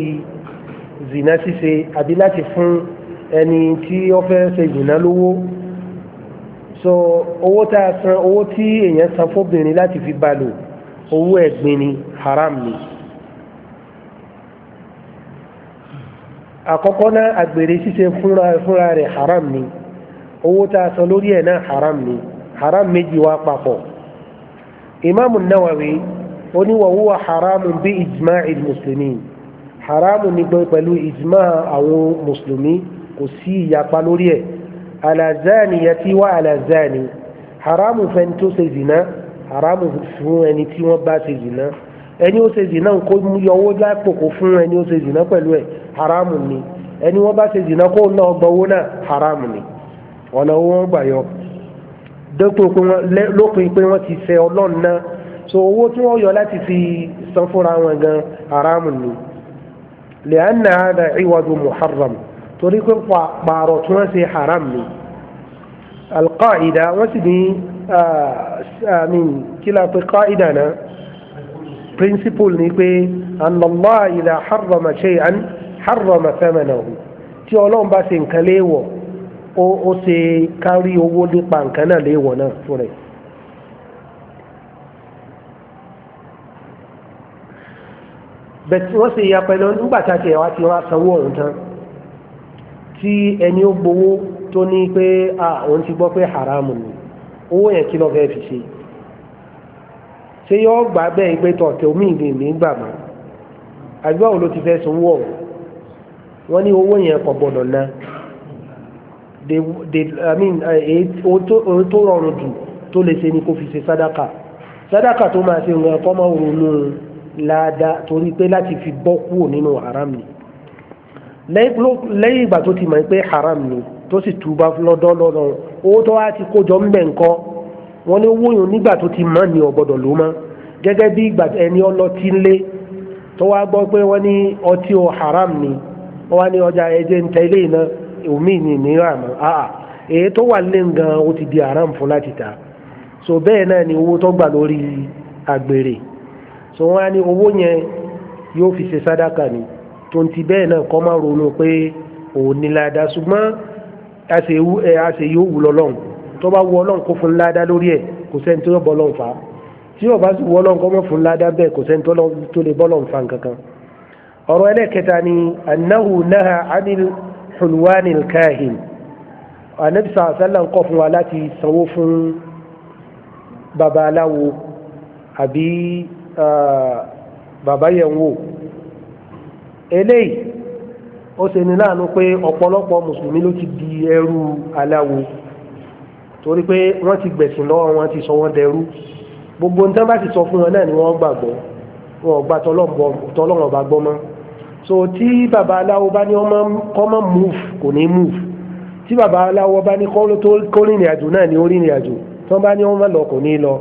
zina ṣíṣe àbí láti fún ẹni tí ó fẹ́ ṣe jìnnà lówó so owó tá a san owó tí èèyàn san fóbìnrin láti fi bá lò owó ẹ̀gbin ni haram ni. àkọ́kọ́ náà àgbèrè ṣíṣe fúnra fúnra rẹ̀ haram ni owó tá a san lórí ẹ̀ náà haram ni haram méjì wá papọ̀ imaamu nawawi ó ní wàhúwà bí ijma il muslimin haramu ni pẹ̀lú ijma àwọn mùsùlùmí kò sí ìyapa lórí ẹ̀ alazaniyati wa alazani haramu fẹ́ni tó ṣe zina haramu fún ẹni tí wọ́n bá ṣe zina ẹni ó ṣe zina kó yọwó lápò kó fún ẹni ó ṣe zina pẹ̀lú ẹ̀ haramu ni ẹni wọ́n bá ṣe zina kó náà gbọ́wó náà haramu ni ọ̀nà owó wọn gbà yọ dókò lópin pé wọ́n ti fẹ́ ọlọ́run náà so owó tí wọ́n yọ láti fi san fúnra wọn gan haramu ni lẹ́yìn náà hada ìwádùn muharram torí pé pààrọ̀ tí wọ́n ṣe haram ni alqaida wọ́n sì ní kílá pé qaida náà principle ni pé anallaha idha harrama shay'an harrama thamanahu tí ọlọ́run bá ṣe nǹkan léèwọ̀ ó ṣe kárí owó nípa nǹkan náà léèwọ̀ náà fún rẹ̀. bẹ̀tí wọ́n ṣe ya pẹ̀lú nígbà tá a ti wá sanwó ọ̀hún tán tí ẹni ó gbowó tó ní pé à òun ti gbọ́ pé haramu ni owó yẹn kí ló fẹ́ fi ṣe ṣé yọ gbà bẹ́ẹ̀ pé tọ̀tẹ̀ omi ìlú mi gbà mọ́ àgbà wo ló ti fẹ́ sanwó ọ̀hún wọ́n ní owó yẹn kò gbọ́dọ̀ ná i mean ohun eh, eh, tó rọrùn jù tó lè ṣe ni kó fi ṣe sádàkà sádàkà tó máa ṣe nǹkan kọ́ máa ronú ládàá torí pé láti fi bọ́ kúrò nínú haram ni lẹ́yìn ìgbà tó ti mọ̀ pé haram ni tó sì túbá lọ́dọ́ lọ́dọ́ owó tó wá ti kójọ ń bẹ̀ ńkọ́ wọ́n ní owó yòó nígbà tó ti mọ̀ ní ọ̀gbọ́dọ̀ ló mọ́ gẹ́gẹ́ bí ìgbà ẹni ọlọ́tí ńlé tó wá gbọ́ pé wọ́n ní ọtí o haram ni wọ́n wá ní ọjà ẹ̀jẹ̀ ń tẹ iná omi ní mìíràn mọ́ àà èyí tó wà lé gan ó ti di haram fún láti ta so bẹ́ẹ̀ náà ni owó tó gbà lórí àgbèrè so wọ́n á ní owó yẹn yóò fi ṣe sádàkà ni tó ń ti bẹ́ẹ̀ náà kọ́ máa ronú pé òun ní ládàá ṣùgbọ́n àṣẹ yóò wù lọ́lọ́run tó bá wù ọlọ́run kó fún ládàá lórí ẹ̀ kò sẹ́ni tó yọ bọ́ lọ́n fà á tí yóò bá sì wù ọlọ́run kó mọ̀ fún ládàá bẹ́ẹ̀ kò sẹ́ni tó lè bọ́ lọ́n fà kankan. ọ̀rọ̀ ẹlẹ́kẹta ni anahu naha anil hulwanil kahin anabi sàásálà ń fún wa láti sanwó fún babaláwo àbí ah, bàbá yẹn wò eléyìí ó ṣe ní láàánú pé ọ̀pọ̀lọpọ̀ mùsùlùmí ló ti di ẹrú aláwo torí pé wọ́n ti gbẹ̀sìn lọ́wọ́ wọn ti sọ wọ́n dẹrú gbogbo nǹkan bá ti sọ fún wọn náà ni wọ́n gbàgbọ́ wọn ò gba tọ́lọ́run ọba gbọ́ mọ́ so tí baba aláwo bá ní ọmọ move kò ní move tí baba aláwo bá ní kó rìnrìn àjò náà ni ó rìnrìn àjò tí wọ́n bá ní ọmọ lọ kò ní lọ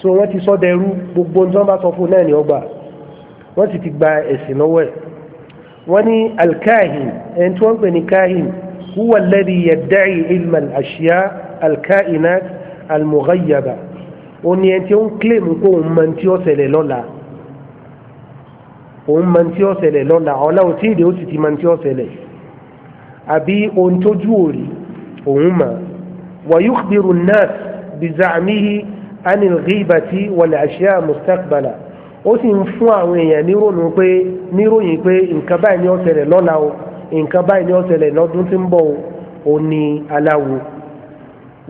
so wọ́n ti sọ dẹrú gbogbo nǹkan bá sọ fún náà ni ó gbà wọ́n sì ti gba ẹ̀sìn lọ́wọ́ ẹ̀ wọ́n ní alkahin ẹni tí wọ́n pè ní kahin huwa alladhi yadda'i ilma al-ashya alkainat almughayyaba ó ní ẹni tí ó ń kílèmù pé òun mọ tí ó ṣẹlẹ̀ lọ́la òun mọ tí ó ṣẹlẹ̀ lọ́la ọ̀la ò tí ì dé ó sì ti mọ tí ó ṣẹlẹ̀ àbí ohun tójú òrì òun wa yukhbiru an-nas biza'mihi anil ghibati wal ashya mustaqbala ó sì ń fún àwọn èèyàn níròyìn pé níròyìn pé nǹkan báyìí ni ó ṣẹlẹ̀ lọ́la o nǹkan báyìí ni ó ṣẹlẹ̀ lọ́dún tí ń bọ̀ o ò ní aláwo.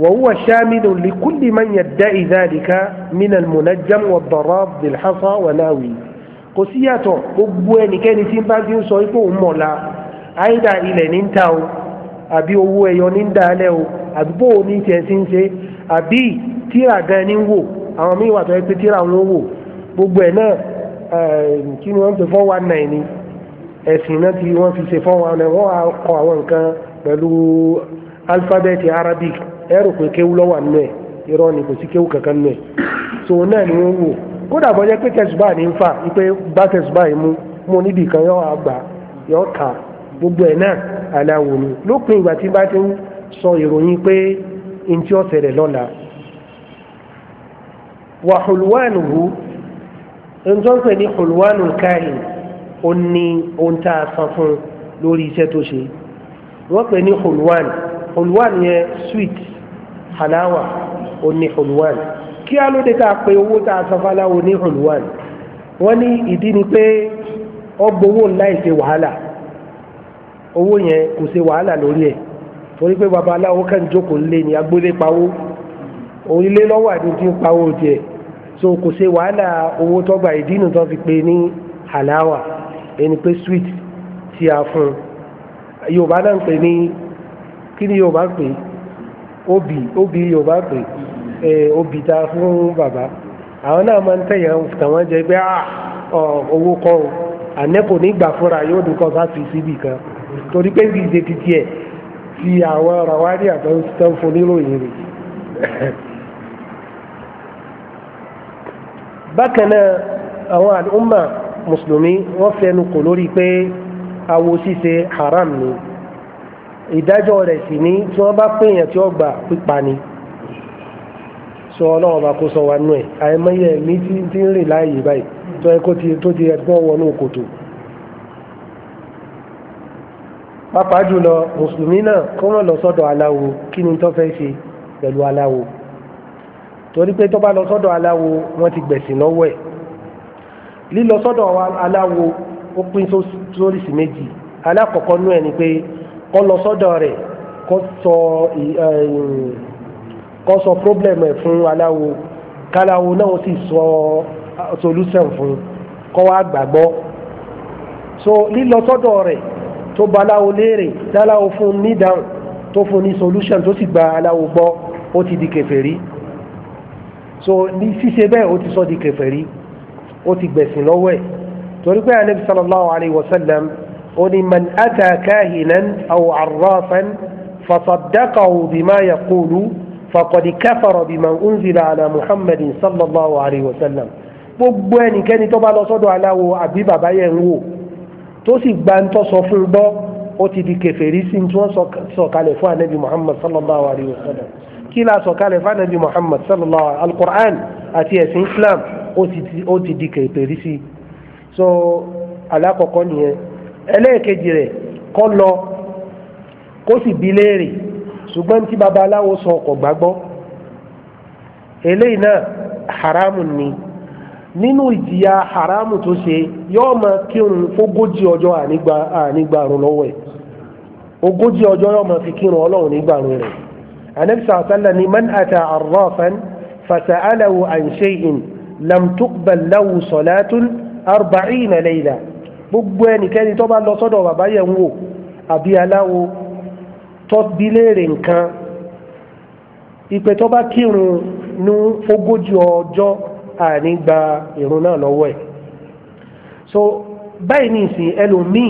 wa huwa shamilun li kulli man yadda'i dhalika mina al-munajjam wa ad-darab bil-hasa wa kò sí yàtọ̀ gbogbo ẹnikẹ́ni tí bá fi ń sọ ipò mọ̀la àìdá ilẹ̀ ní ń ta o àbí owó ẹyọ ní ń dalẹ̀ o àbí ní tiẹ̀ sí ń ṣe àbí tíra gan ni ń wò àwọn míì wà tó yẹ pé tíra wọn wò gbogbo ẹ̀ náà eh, kí ni wọ́n ti four one nine ni ẹ̀sìn náà tí wọ́n fi ṣe four one nine wọ́n á kọ àwọn nǹkan pẹ̀lú alifábẹ́ẹ̀tì arabic ẹ̀rù pé kéwú lọ́wọ́ nù ẹ̀ irọ́ ni kò sí kéwú kankan nù ẹ̀ so náà ni wọ́n wò kódà bọ́ jẹ́ pé tẹ̀sùbá ní ń fà wípé bá tẹ̀sùbá yìí mú mo níbi kan yọ àgbà yọ kà gbogbo ẹ̀ náà aláwo ni lópin ìgbà tí bá ti ń sọ ìròyìn pé ntí ọ̀sẹ̀ rẹ̀ njọ́ pé ní hulwanu kahin ó ní ohun tá a san fún lórí iṣẹ́ tó ṣe wọ́n pè ní hulwan hulwan yẹn sweet halawa ó ní hulwan kí á ló dé tá a pè owó tá a san fún aláwo ní hulwan wọ́n ní ìdí ni pé ọgbowó ńlá ìṣe wàhálà owó yẹn kò ṣe wàhálà lórí ẹ̀ torí pé babaláwo kàn jókòó lé ní agbólé pawó orílẹ̀ lọ́wọ́ àdúgbò pawó jẹ́ so kò ṣe wàhálà owó tọ́gbà ìdínú tó fi pè ní halawa ẹni pé sweet tí a fún yorùbá náà ń pè ní kí ni yorùbá ń pè obì obì yorùbá pè ẹ obì ta fún bàbá àwọn náà máa ń tẹ̀yàn tàwọn jẹ pé ah, owó kọ́ o ànẹ́kò nígbà fúnra yóò dúkọ́ bá fi síbì kan torí pé kì ṣe titi ẹ̀ ti àwọn ọ̀rọ̀ wá ní àtọ́ fún oníròyìn rẹ̀. bákan náà àwọn àlùmọ̀ mùsùlùmí wọ́n fẹnu kò lórí pé awo ṣíṣe haram ni ìdájọ́ rẹ̀ sì ní tí wọ́n bá pèèyàn tí ó gbà pípa ni sọ ọlọ́run bá kó sọ wa nú ẹ̀ àìmọye ẹ̀mí tí ń rìn láàyè báyìí tó ẹ tó ti ẹgbọ́n wọnú kòtò pàápàá jùlọ mùsùlùmí náà kó mọ̀ lọ sọ́dọ̀ aláwo kí ni tó fẹ́ ṣe pẹ̀lú aláwo torí pé tó bá lọ sọ́dọ̀ aláwo wọ́n ti gbẹ̀sìn lọ́wọ́ ẹ̀ lílọ sọ́dọ̀ aláwo ó pín sóríṣi méjì alákọ̀ọ́kọ́ nú ẹ̀ ni pé kó lọ sọ́dọ̀ rẹ̀ kó sọ eh, problem ẹ̀ fún aláwo káláwo náà ó sì sọ eh, solution fún kó wá gbàgbọ́ so lílọ sọ́dọ̀ rẹ̀ tó ba aláwo léèrè dáláwo fún ní dáhùn tó fún ní solution tó sì gba aláwo gbọ́ ó ti di kèfèrí so ní ṣíṣe bẹ́ẹ̀ ó ti sọ di kèfèrí ó ti gbẹ̀sìn lọ́wọ́ ẹ̀ torí pé anabi sallallahu alayhi wa sallam ó ní man ata kahinan aw arrafan fasaddaqahu bima yaqulu faqad kafara bima unzila ala muhammadin sallallahu alayhi wa sallam gbogbo ẹnikẹ́ni tó bá lọ sọ́dọ̀ aláwo àbí bàbá yẹn ń wò tó sì gba ń tọ́ sọ fún gbọ́ ó ti di kèfèrí sí ní tí wọ́n sọ kalẹ̀ fún anabi muhammad sallallahu alayhi wa sallam. kí la sọ̀kalẹ̀ fanabi muhammad sallallahu alaihi wa alukur'an ati ẹ̀sìn islam ó ti di kèfèrí sí i so alákọ̀ọ́kọ́ nìyẹn ẹlẹ́ẹ̀kejì rẹ̀ kọ́ lọ kó sì bi léèrè ṣùgbọ́n tí babaláwo sọ kò gbàgbọ́ eléyìí náà haramu ni nínú ìjìyà haramu tó ṣe yóò máa kírun ogójì ọjọ́ ànígbàrún lọ́wọ́ ẹ̀ ogójì ọjọ́ yóò máa fi kírun ọlọ́run nígbàrún rẹ̀ anabi sàtàlà ni man ata arrafan fasa'alahu an shay'in lam tuqbal lahu salatun arba'ina layla gbogbo ẹnikẹ́ni tó bá lọ sọ́dọ̀ bàbá yẹn wò àbí aláwo tó bi léèrè nǹkan ìpè tó bá kírun ní ogójì ọjọ́ àní gba ìrun náà lọ́wọ́ ẹ̀ so báyìí ní ìsìn ẹlòmíì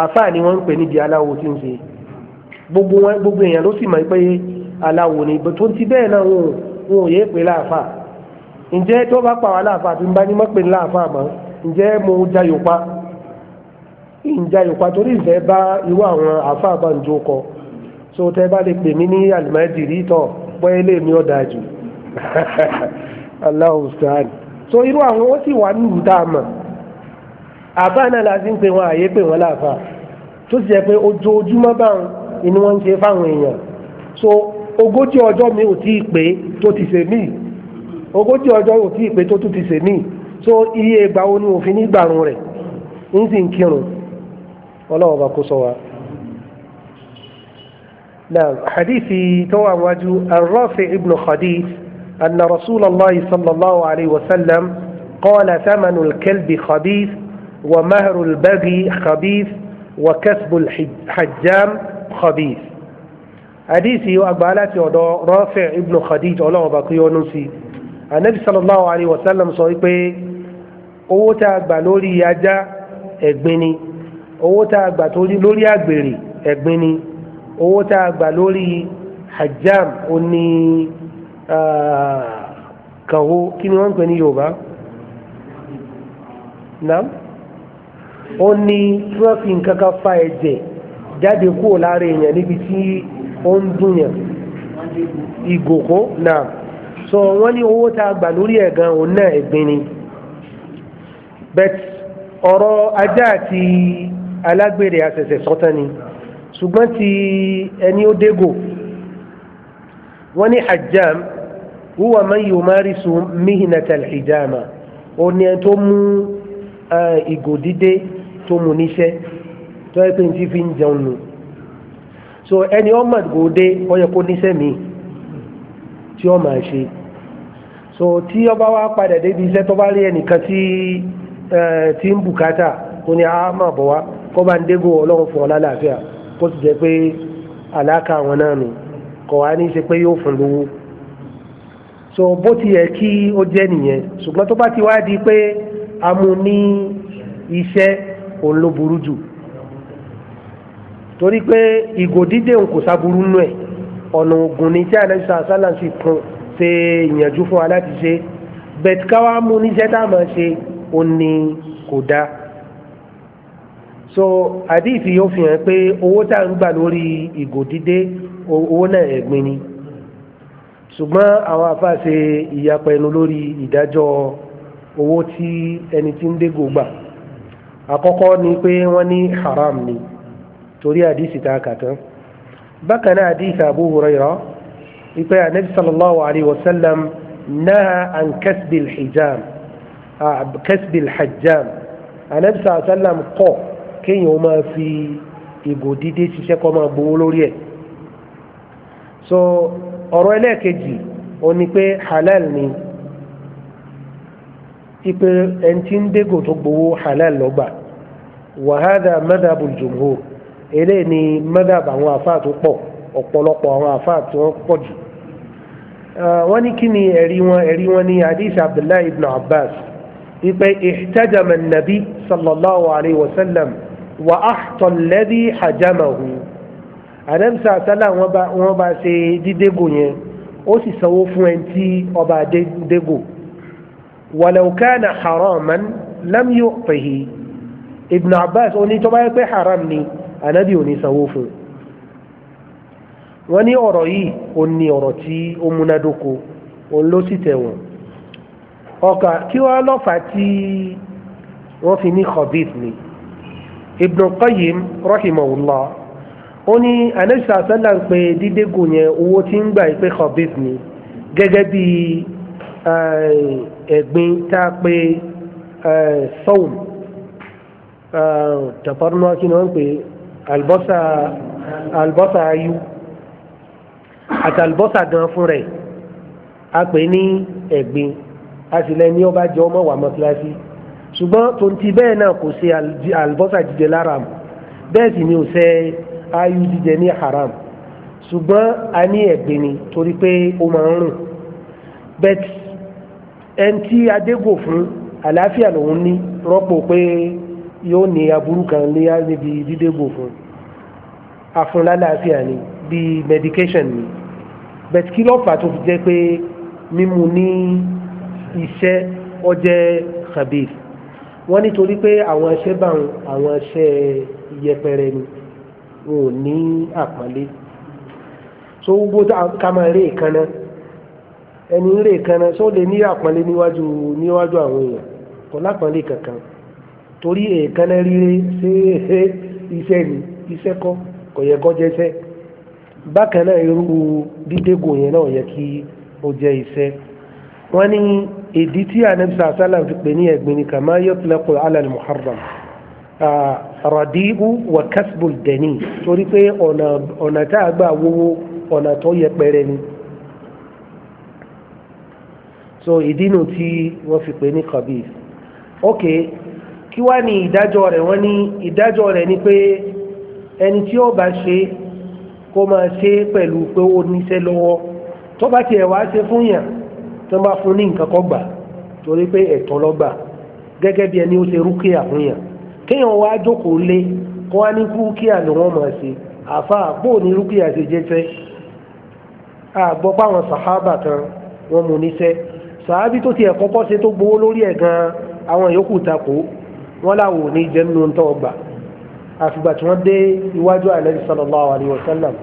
àáfàá ni wọ́n ń pè níbi aláwo tí ń ṣe gbogbo wọn gbogbo èèyàn ló sì mọ̀ pé aláwo ni tó ti bẹ́ẹ̀ náà wọn ò wọn pé láàfà ǹjẹ́ tó bá pa wá láàfà àti bá ní mọ́ pé láàfà mọ́ ǹjẹ́ mo jayò pa ìjayò pa torí ìfẹ́ bá irú àwọn àfà àbáǹjó kọ so tẹ́ bá lè pè mí ní àlùmọ́ẹ́dìrí tọ̀ pẹ́ lè mi ọ̀dà jù Allahu sàn so irú àwọn ó sì wà nílùú tá a mọ̀ àbá náà la ti ń pe wọn àyè pé wọn láàfà tó sì jẹ́ pé ojoojúmọ́ báwọn ni wọ́n ń ṣe fáwọn èèyàn so ogójì ọjọ́ mi ò tí ì pé tó ti ṣe mí ogójì ọjọ́ ò tí ì pé tó tún ti ṣe mí so iye ìgbà wo ni òfin ní gbàrún rẹ̀ ń sì ń kírun ọlọ́wọ́ bá kó sọ wa. نعم حديث توا واجو الرافع ابن خديث أن رسول الله صلى الله عليه وسلم قال ثمن الكلب خبيث ومهر البغي خبيث وكسب الحجام خبيث حديثي وأقبالاتي رافع ابن خديج الله باقي ونسي النبي صلى الله عليه وسلم sọ pé owó tá a gbà lórí ajá ẹ̀gbin ni owó tá a gbà lórí àgbèrè ẹ̀gbin ni owó tá a gbà lórí hajjam oní kàwó kí ni wọ́n ń pè ní yorùbá. Naam. ó ní tí wọ́n fi nǹkan kan fa ẹ̀jẹ̀ jáde kúrò èèyàn níbi tí ó ń dùn yàn ìgòkó so wọ́n ní owó tá a gan òun náà ẹ̀gbin ni bet ọ̀rọ̀ ajá àti alágbèrè àṣẹ̀ṣẹ̀ sọ́tán ni ṣùgbọ́n ti ẹni ó dégò wọ́n ní hajjam huwa man mihinata al ó ní ẹni tó tó mu níṣẹ́ tó yẹ pé ti fi ń jẹun nù so ẹni ọmọ gòdè ó yẹ kó níṣẹ́ mi tí ó máa so tí ọba wa padà débi iṣẹ́ tó bá rí ẹnìkan tí tí ń bùkátà tó ní a ah, máa bọ̀ wá kó bá ń dégò ọlọ́run fún ọ lálàáfíà kó sì jẹ́ pé àlàkà àwọn náà nù kọ̀ wá ní í ṣe pé yóò fún lówó so bó ti yẹ kí ó jẹ́ nìyẹn ṣùgbọ́n tó bá ti wá di pé a ní iṣẹ́ òun ló burú jù torí pé ìgò dídé òun kò sáburú nù ẹ̀ ọ̀nà ògùn ni tí àlẹ́ sọ àṣálà sì kan ṣe ìyànjú fún wa láti ṣe bẹ̀t káwá mú níṣẹ́ tá a máa ṣe òun ni kò dáa so àdìsí yóò fi hàn pé owó tá à ń gbà lórí ìgò dídé owó náà ẹ̀gbin ni ṣùgbọ́n àwọn àfáà ṣe lórí ìdájọ́ owó tí ẹni tí ń dégò gbà àkọ́kọ́ ni pé wọ́n ní haram ni torí àdìsí tá a kà tán bákan náà àdìsí Abu Hurairah ipe anabi sallallahu alayhi wa sallam naha an kasbi alhijam kasbi alhajjam anabi sallallahu alayhi wa sallam kọ̀ kéèyàn máa fi ìgò dídé ṣiṣẹ́ kó máa gbowó lórí ẹ̀ so ọ̀rọ̀ ẹlẹ́ẹ̀kejì ó ní pé halal ni ipe ẹni tí ń dégò tó gbowó halal lọ́gbàá wàhádà mẹ́dàbù jumhur eléyìí ni mẹ́dàbù àwọn àfáà tó pọ̀ ọ̀pọ̀lọpọ̀ àwọn àfáà tó pọ̀ jù wọ́n ní kí ni ẹ̀rí wọn ẹ̀rí wọn ní hadith abdullahi ibn abbas wípé ihtajama nabi sallallahu alayhi wa sallam wa ahtọ lẹ́dí hajamahu àdẹ́mísà àtàlà wọn bá ṣe dídégò yẹn ó sì sanwó fún ẹni tí ọba dégò walau kana haraman lam yu'tihi ibn abbas ó ní tó bá yẹ pé haram ni anabi ò ní sanwó fún un wọ́n ní ọ̀rọ̀ yìí ó ní ọ̀rọ̀ tí ó múnádóko òun ló sì tẹ̀wọ̀n ọkà kí wọ́n lọ́fà tí wọ́n fi ní khabith ni Ibn Qayyim rahimahullah ó ní anẹ́sà sẹ́là ń pe dídégò yẹn owó tí ń gbà pé khabith ni gẹ́gẹ́ bí ẹ̀gbin tá a pe sọ́ọ̀mù tafarnuwa kí ni wọ́n ń pè àlùbọ́sà àlùbọ́sà ayú àti àlùbọ́sà gan fún rẹ̀ a pè ní ẹ̀gbin a sì lẹ́ni ọba jẹ́ ọmọ wà mọ́kíláṣí ṣùgbọ́n tó bẹ́ẹ̀ náà kò ṣe àlùbọ́sà jíjẹ láram bẹ́ẹ̀ sì ni ò ṣe ayú jíjẹ ní haram ṣùgbọ́n a ní ẹ̀gbin ni torí pé ó máa ń rùn bẹ́ẹ̀ ẹni tí adégò fún àlàáfíà lòun ní rọ́pò pé yóò ní aburú kan léyà níbi dídégò fún afúnlálàáfíà ni bíi medication ni bẹ̀t kí ló fà tó fi jẹ́ pé mímu ní iṣẹ́ ọjẹ́ khabir wọ́n nítorí pé àwọn iṣẹ́ bá àwọn iṣẹ́ yẹpẹrẹ ni wọn ò ní àpọ́nlé so gbogbo ká máa rí ìkànnà ẹni rí ìkànnà só lè ní àpọ́nlé níwájú níwájú àwọn èèyàn kò lápọ́nlé kankan torí èékánná rírẹ́ ṣe iṣẹ́ ni iṣẹ́ kọ́ kò yẹ kó jẹ́ iṣẹ́ bákan náà irú dídégò yẹn náà yẹ kí ó jẹ́ iṣẹ́ wọ́n ní ìdí tí anabi sàlá fi pè ní ẹ̀gbin ni kàmá yutlaqu ala al-muharram radiu wa kasbul dani torí pé ọ̀nà tá a gbà wọ́wọ́ ọ̀nà tó yẹpẹrẹ ni so ìdí nu tí wọ́n fi pè ní khabith okay kí wá ní ìdájọ́ rẹ̀ wọ́n ní ìdájọ́ rẹ̀ ni pé ẹni tí ó bá ṣe kó máa ṣe pẹ̀lú pé ó níṣẹ́ lọ́wọ́ tó bá tiẹ̀ wá ṣe fún yàn tó bá fún ní nǹkan kọ́ gbà torí pé ẹ̀tọ́ ló gbà gẹ́gẹ́ bí ẹni ó ṣe rúkìá fún yàn kéèyàn wá jókòó lé kó wá ní rúkìá ló wọ́n máa ṣe àfa àpò ní rúkìá ṣe jẹ́ fẹ́ páwọn sàhábà kan wọ́n mú níṣẹ́ sàhábì tó tiẹ̀ kọ́kọ́ ṣe tó gbowó lórí ẹ̀ gan-an àwọn yòókù takò wọ́n láwọn ò ní jẹ́ nínú tó ọgbà àfìgbà tí wọ́n dé iwájú ànábì sallallahu alayhi wa sallam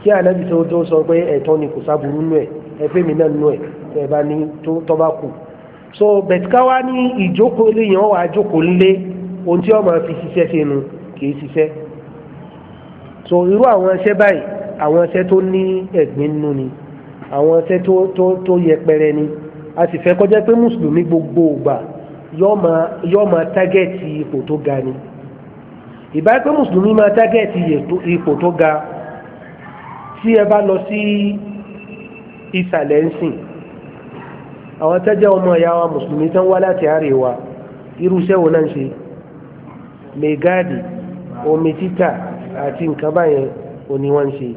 kí ànábì tó tó sọ pé ẹ̀tọ́ ni kò sábúrú nù ẹ̀ ẹ̀fẹ́ mi náà nù ẹ̀ ẹ̀ ní tó bá kù so bẹ̀tíkáwá ní ìjókòó lè yàn wá jókòó lé ohun tí ọmọ fi ṣiṣẹ́ ṣe nu kì í ṣiṣẹ́ so irú àwọn iṣẹ́ báyìí àwọn iṣẹ́ tó ní ẹ̀gbin nínú ni àwọn iṣẹ́ tó yẹpẹrẹ ni a sì fẹ́ kọjá pé mùsùlùmí gbogbo ògbà yọ máa tágẹ́ẹ̀tì ipò tó ga ni ìbáyé pé mùsùlùmí máa tágẹ́ẹ̀tì ipò tó ga tí ẹ bá lọ sí ìsàlẹ̀ ń sìn àwọn tẹ́jẹ́ ọmọ ìyá wa mùsùlùmí tán wá láti àríwá irúṣẹ́ wo náà ń ṣe mẹ́gáàdì omi títà àti nǹkan báyẹn ò ní ń ṣe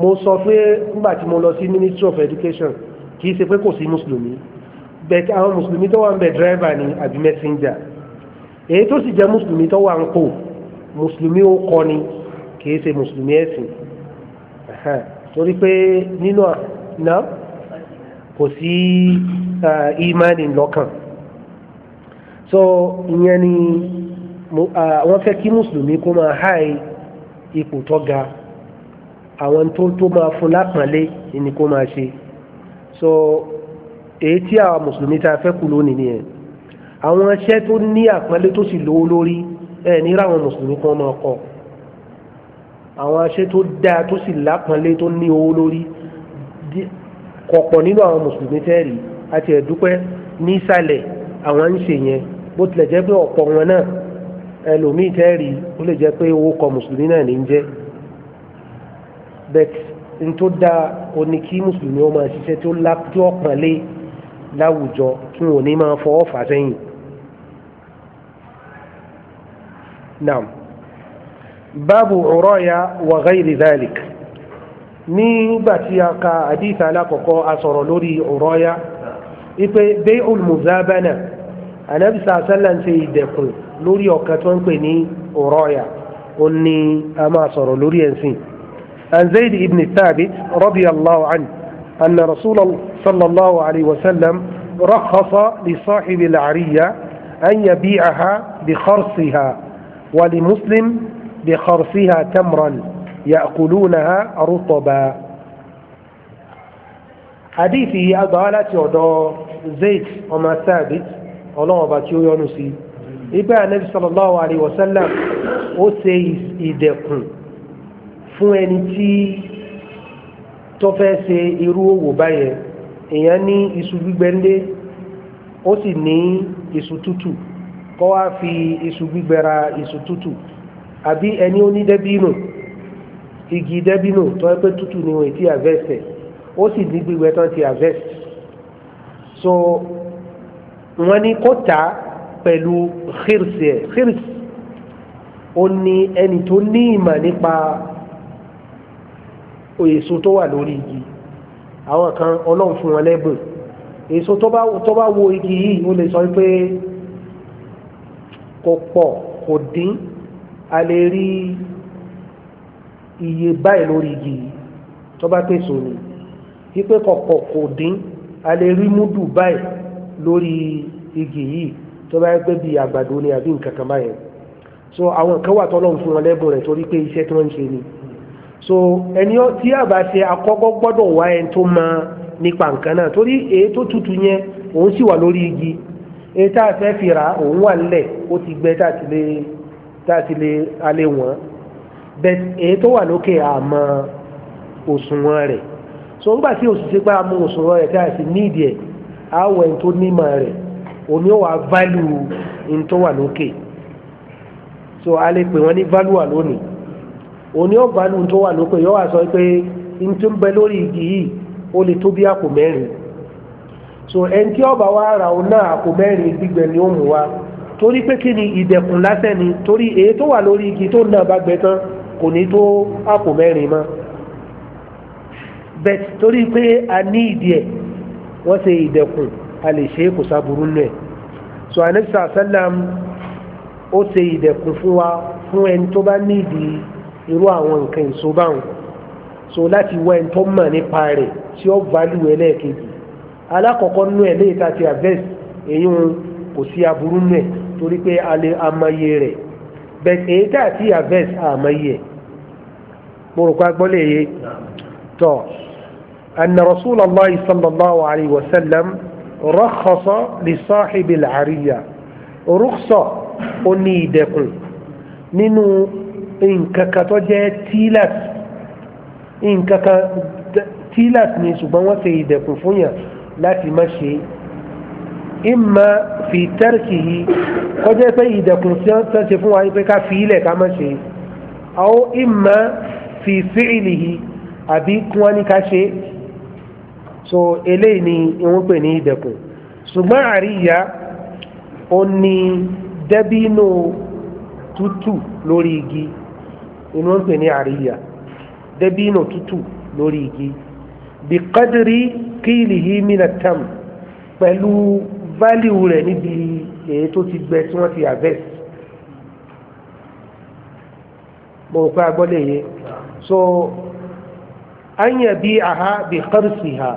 mo sọ pé nígbà tí mo lọ sí ministry of education kì í ṣe pé kò sí mùsùlùmí bẹ̀t àwọn mùsùlùmí tó wà ń bẹ̀ dírẹ́fà ni àbí mẹ́sẹ́ńjà èyí tó sì jẹ́ mùsùlùmí tó wà ń kó mùsùlùmí ó kọ́ ni kìí ṣe mùsùlùmí ẹ̀sìn torí pé nínú àná kò sí ìmánì lọ́kàn so ìyẹn ni wọ́n fẹ́ kí mùsùlùmí kó máa háì ipò tó ga àwọn tó máa fún lápàlẹ́ ni kó máa ṣe so èyí tí àwa mùsùlùmí ta fẹ́ kú lónìí nìyẹn àwọn iṣẹ́ tó ní àpọ́nlé tó sì lówó lórí ẹ̀ níra àwọn mùsùlùmí kan máa kọ́ àwọn iṣẹ́ tó dáa tó sì lápọ́nlé tó ní owó lórí kọ̀pọ̀ nínú àwọn mùsùlùmí tẹ́ẹ̀rì àti ẹ̀dúpẹ́ nísàlẹ̀ àwọn ń ṣe yẹn bó tilẹ̀ jẹ́ pé ọ̀pọ̀ wọn náà ẹlòmíì tẹ́ẹ̀rì ó lè jẹ́ pé owó kọ mùsùlùmí náà ní jẹ́ bẹ́ẹ̀ n tó dáa o ní kí mùsùlùmí ó máa ṣiṣẹ́ tó lápọ́nlé láwùjọ tí wọn ò ní máa fọwọ́ fà sẹ́yìn. naam báàbù uraya wa ghayri dhalik nígbà tí a ka àdìsá alákọ̀ọ́kọ́ a sọ̀rọ̀ lórí uraya ipe bay'ul muzabana anabisa sallan ṣe ìdẹ̀kùn lórí ọ̀kan tó ń pè ní uraya ó ní a máa sọ̀rọ̀ lórí ẹ̀sìn an ibn thabit radiyallahu anhu. أن رسول الله صلى الله عليه وسلم رخص لصاحب العرية أن يبيعها بخرصها ولمسلم بخرصها تمرا يأكلونها رطبا حديثي أضالة يعدى زيت وما ثابت الله باتيو يونسي ibẹ́ anabi sallallahu alayhi wa sallam ó ṣe ìdẹ̀kùn tó fẹ́ ṣe irú òwò báyẹn èèyàn ní iṣu gbígbẹ ńlé ó sì ní iṣu tútù kó wá fi iṣu gbígbẹ ra iṣu tútù àbí ẹni ó ní dẹ́bínù igi dẹ́bínù tó ẹ pé tútù ni wọ́n ti àvẹ́sẹ̀ ó sì ní gbígbẹ tán ti àvẹ́sẹ̀ so wọ́n ní kó tà pẹ̀lú xírìsì ẹ̀ xírìsì ó ní ẹni tó ní ìmọ̀ nípa èso tó wà lórí igi àwọn kan ọlọ́run fún wọn lẹ́bùn èso tó bá tó bá wo igi yìí ó lè sọ pé kò pọ̀ kò dín a lè rí iye báyìí lórí igi yìí tó bá pèsè òní wípé kò pọ̀ kò dín a lè rí múdù báyìí lórí igi yìí tó bá gbé bíi àgbàdo ni àbí nǹkan kan báyẹn so àwọn kan wà tọ́lọ́run fún wọn lẹ́bùn rẹ̀ torí pé iṣẹ́ tí wọ́n ń ṣe ni so ẹni tí a bá ṣe àkọ́kọ́ gbọ́dọ̀ wá ẹni tó mọ nípa nǹkan náà torí èyí tó tutù yẹn òun sì wà lórí igi èyí tá a fẹ́ fi rà òun wà nílẹ̀ ó ti gbẹ tá a ti lè alẹ́ wọ́n bẹ́ẹ̀ èyí tó wà lókè àmọ́ òṣùwọ̀n rẹ̀ so nígbà tí òṣìṣẹ́ pé a mú òṣùwọ̀n rẹ̀ tá a sì ní ìdí ẹ̀ á wọ ẹni tó nímọ̀ rẹ̀ òun yóò wá value ẹni tó wà lókè so a lè pè wọ́n ní value wà lónìí. òní ọba nu tó wà lóko yọ wá sọ pé n tó ń bẹ lórí igi yìí ó lè tó bí àpò so ẹni tí ọba wa ra òun náà àpò gbígbẹ ni ó mú wa torí pé kí ni ìdẹ̀kùn lásẹ̀ ni torí èyí tó wà lórí igi tó náà bá gbẹ tán kò ní tó àpò bet tor'i bẹ́ẹ̀ torí pé a ní ìdí ẹ̀ wọ́n ṣe ìdẹ̀kùn a lè ṣe kò sáburú nù so anisa salam ó ṣe ìdẹ̀kùn fún wa fún ẹni tó bá ní ìdí irú àwọn nǹkan èso báwọn so láti wá ẹni tó mọ̀ nípa rẹ̀ tí ó value ẹlẹ́ẹ̀kejì alákọ̀ọ́kọ́ nú ẹ̀ léyìí tá a ti harvest èyí kò sí aburú nú ẹ̀ torí pé a lè amáyé rẹ̀ bẹ́ẹ̀ èyí tá a ti harvest àmáyé ẹ̀ mo rò pé a gbọ́ lè yé tọ́ anna rasulallah alayhi wa sallam rakhasa li sahibi rukhsa ó ní ìdẹ̀kùn nǹkankan tó jẹ́ tilas nǹkankan tilas ni ṣùgbọ́n wọ́n ṣe ìdẹ̀kùn fún yàn láti má ṣe imma fi tarkihi kó jẹ́ pé ìdẹ̀kùn tí wọ́n ṣe fún wa pé ká fi ilẹ̀ ká má ṣe aw imma fi fi'lihi àbí kí wọ́n ní ká ṣe so eléyìí ni wọ́n pè ní ìdẹ̀kùn ṣùgbọ́n àríyá ó ní dẹ́bínú tútù lórí igi inú ń pè ní àríyá dẹ́bínà tútù lórí igi bí kádìrí kíìlì yìí mìíràn tam pẹ̀lú fáliwù rẹ̀ níbi èyí tó ti gbẹ tí wọ́n ti harvest mo rò pé agbọ́lẹ̀ yẹ so àyàn bíi àhá bíi kárìsì ha